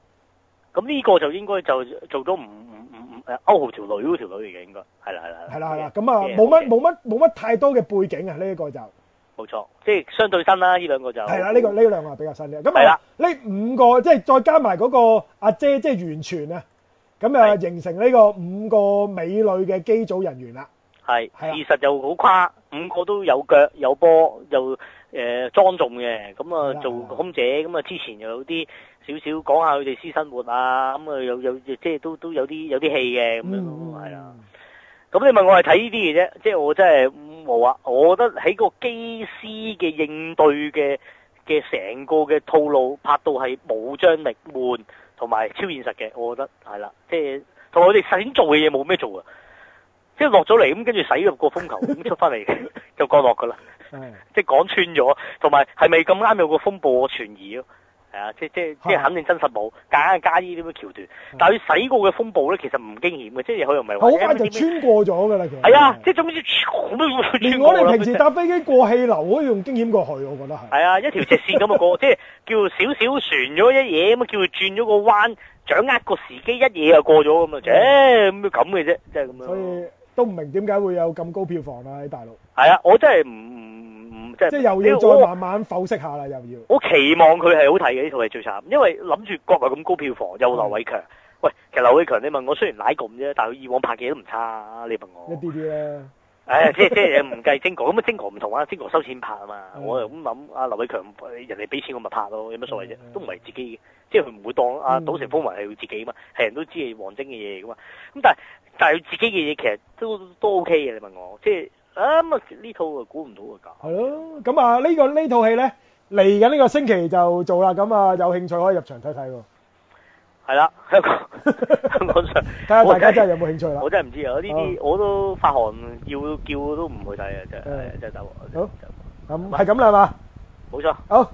的。咁呢個就應該就做咗五五五五誒歐豪條女嗰條女嚟嘅，應該係啦係啦係啦係啦，咁啊冇乜冇乜冇乜太多嘅背景啊！呢、呢個就冇錯，即係相對新啦、啊，呢兩個就係啦，呢、呢個呢兩、呢個比較新啲。咁係啦，呢的五個即係再加埋嗰個阿姐，即係袁泉啊。咁誒形成呢個五個美女嘅機組人員啦，係，其實又好誇，五個都有腳有波，又誒莊重嘅，咁啊做空姐，咁啊的之前又有啲少少講下佢哋私生活啊，咁啊有有即係都都有啲有啲戲嘅咁樣，係啊，咁你問我係睇呢啲嘢啫，即係我真係冇啊，我覺得喺個機師嘅應對嘅嘅成個嘅套路拍到係冇張力，悶。同埋超現實嘅，我覺得係啦，即係同埋我哋實際做嘅嘢冇咩做啊，即係落咗嚟咁，跟住洗咗個風球咁 出翻嚟就降落㗎啦，即係講穿咗，同埋係咪咁啱有個風暴傳疑咯？係啊，即即即肯定真實冇，夾硬加依啲咁嘅橋段。啊、但佢洗過嘅風暴咧，其實唔驚險嘅，即係佢又唔係話好快就穿過咗嘅啦。係啊，即係總之穿過連我哋平時搭飛機過氣流，可以用驚險過去，我覺得係。係啊，一條直線咁咪過，即係 叫少少船咗一嘢，咁啊叫佢轉咗個彎，掌握個時機，一嘢就過咗咁啊！誒，咁咁嘅啫，即係咁樣。樣所以都唔明點解會有咁高票房啊？喺大陸。係啊，我真係唔唔。嗯即係又要再慢慢剖析下啦，又要我。我期望佢係好睇嘅呢套係最慘，因為諗住國內咁高票房，又劉偉強。是的 喂，其實劉偉強，你問我雖然奶咁啫，但係佢以往拍嘅嘢都唔差。你問我一啲啲啦。誒，即係即係唔計精哥，咁啊精哥唔同啊，精哥收錢拍啊嘛。是的 我又咁諗，阿劉偉強人哋俾錢我咪拍咯，有乜所謂啫？都唔係自己嘅，即係佢唔會當阿、啊、賭、嗯、城風雲係自己嘛，係人都知係王晶嘅嘢嚟噶嘛。咁但係但係佢自己嘅嘢其實都都 OK 嘅，你問我即係。咁啊呢套啊估唔到啊搞係咯，咁啊呢個呢套戲咧嚟緊呢個星期就做啦，咁啊有興趣可以入場睇睇喎。係啦，香港香港場睇下大家真係有冇興趣啦。我真係唔知啊，呢啲我都發寒叫叫都唔去睇啊真係，嗯、真係就。好，咁係咁啦係嘛。冇錯好。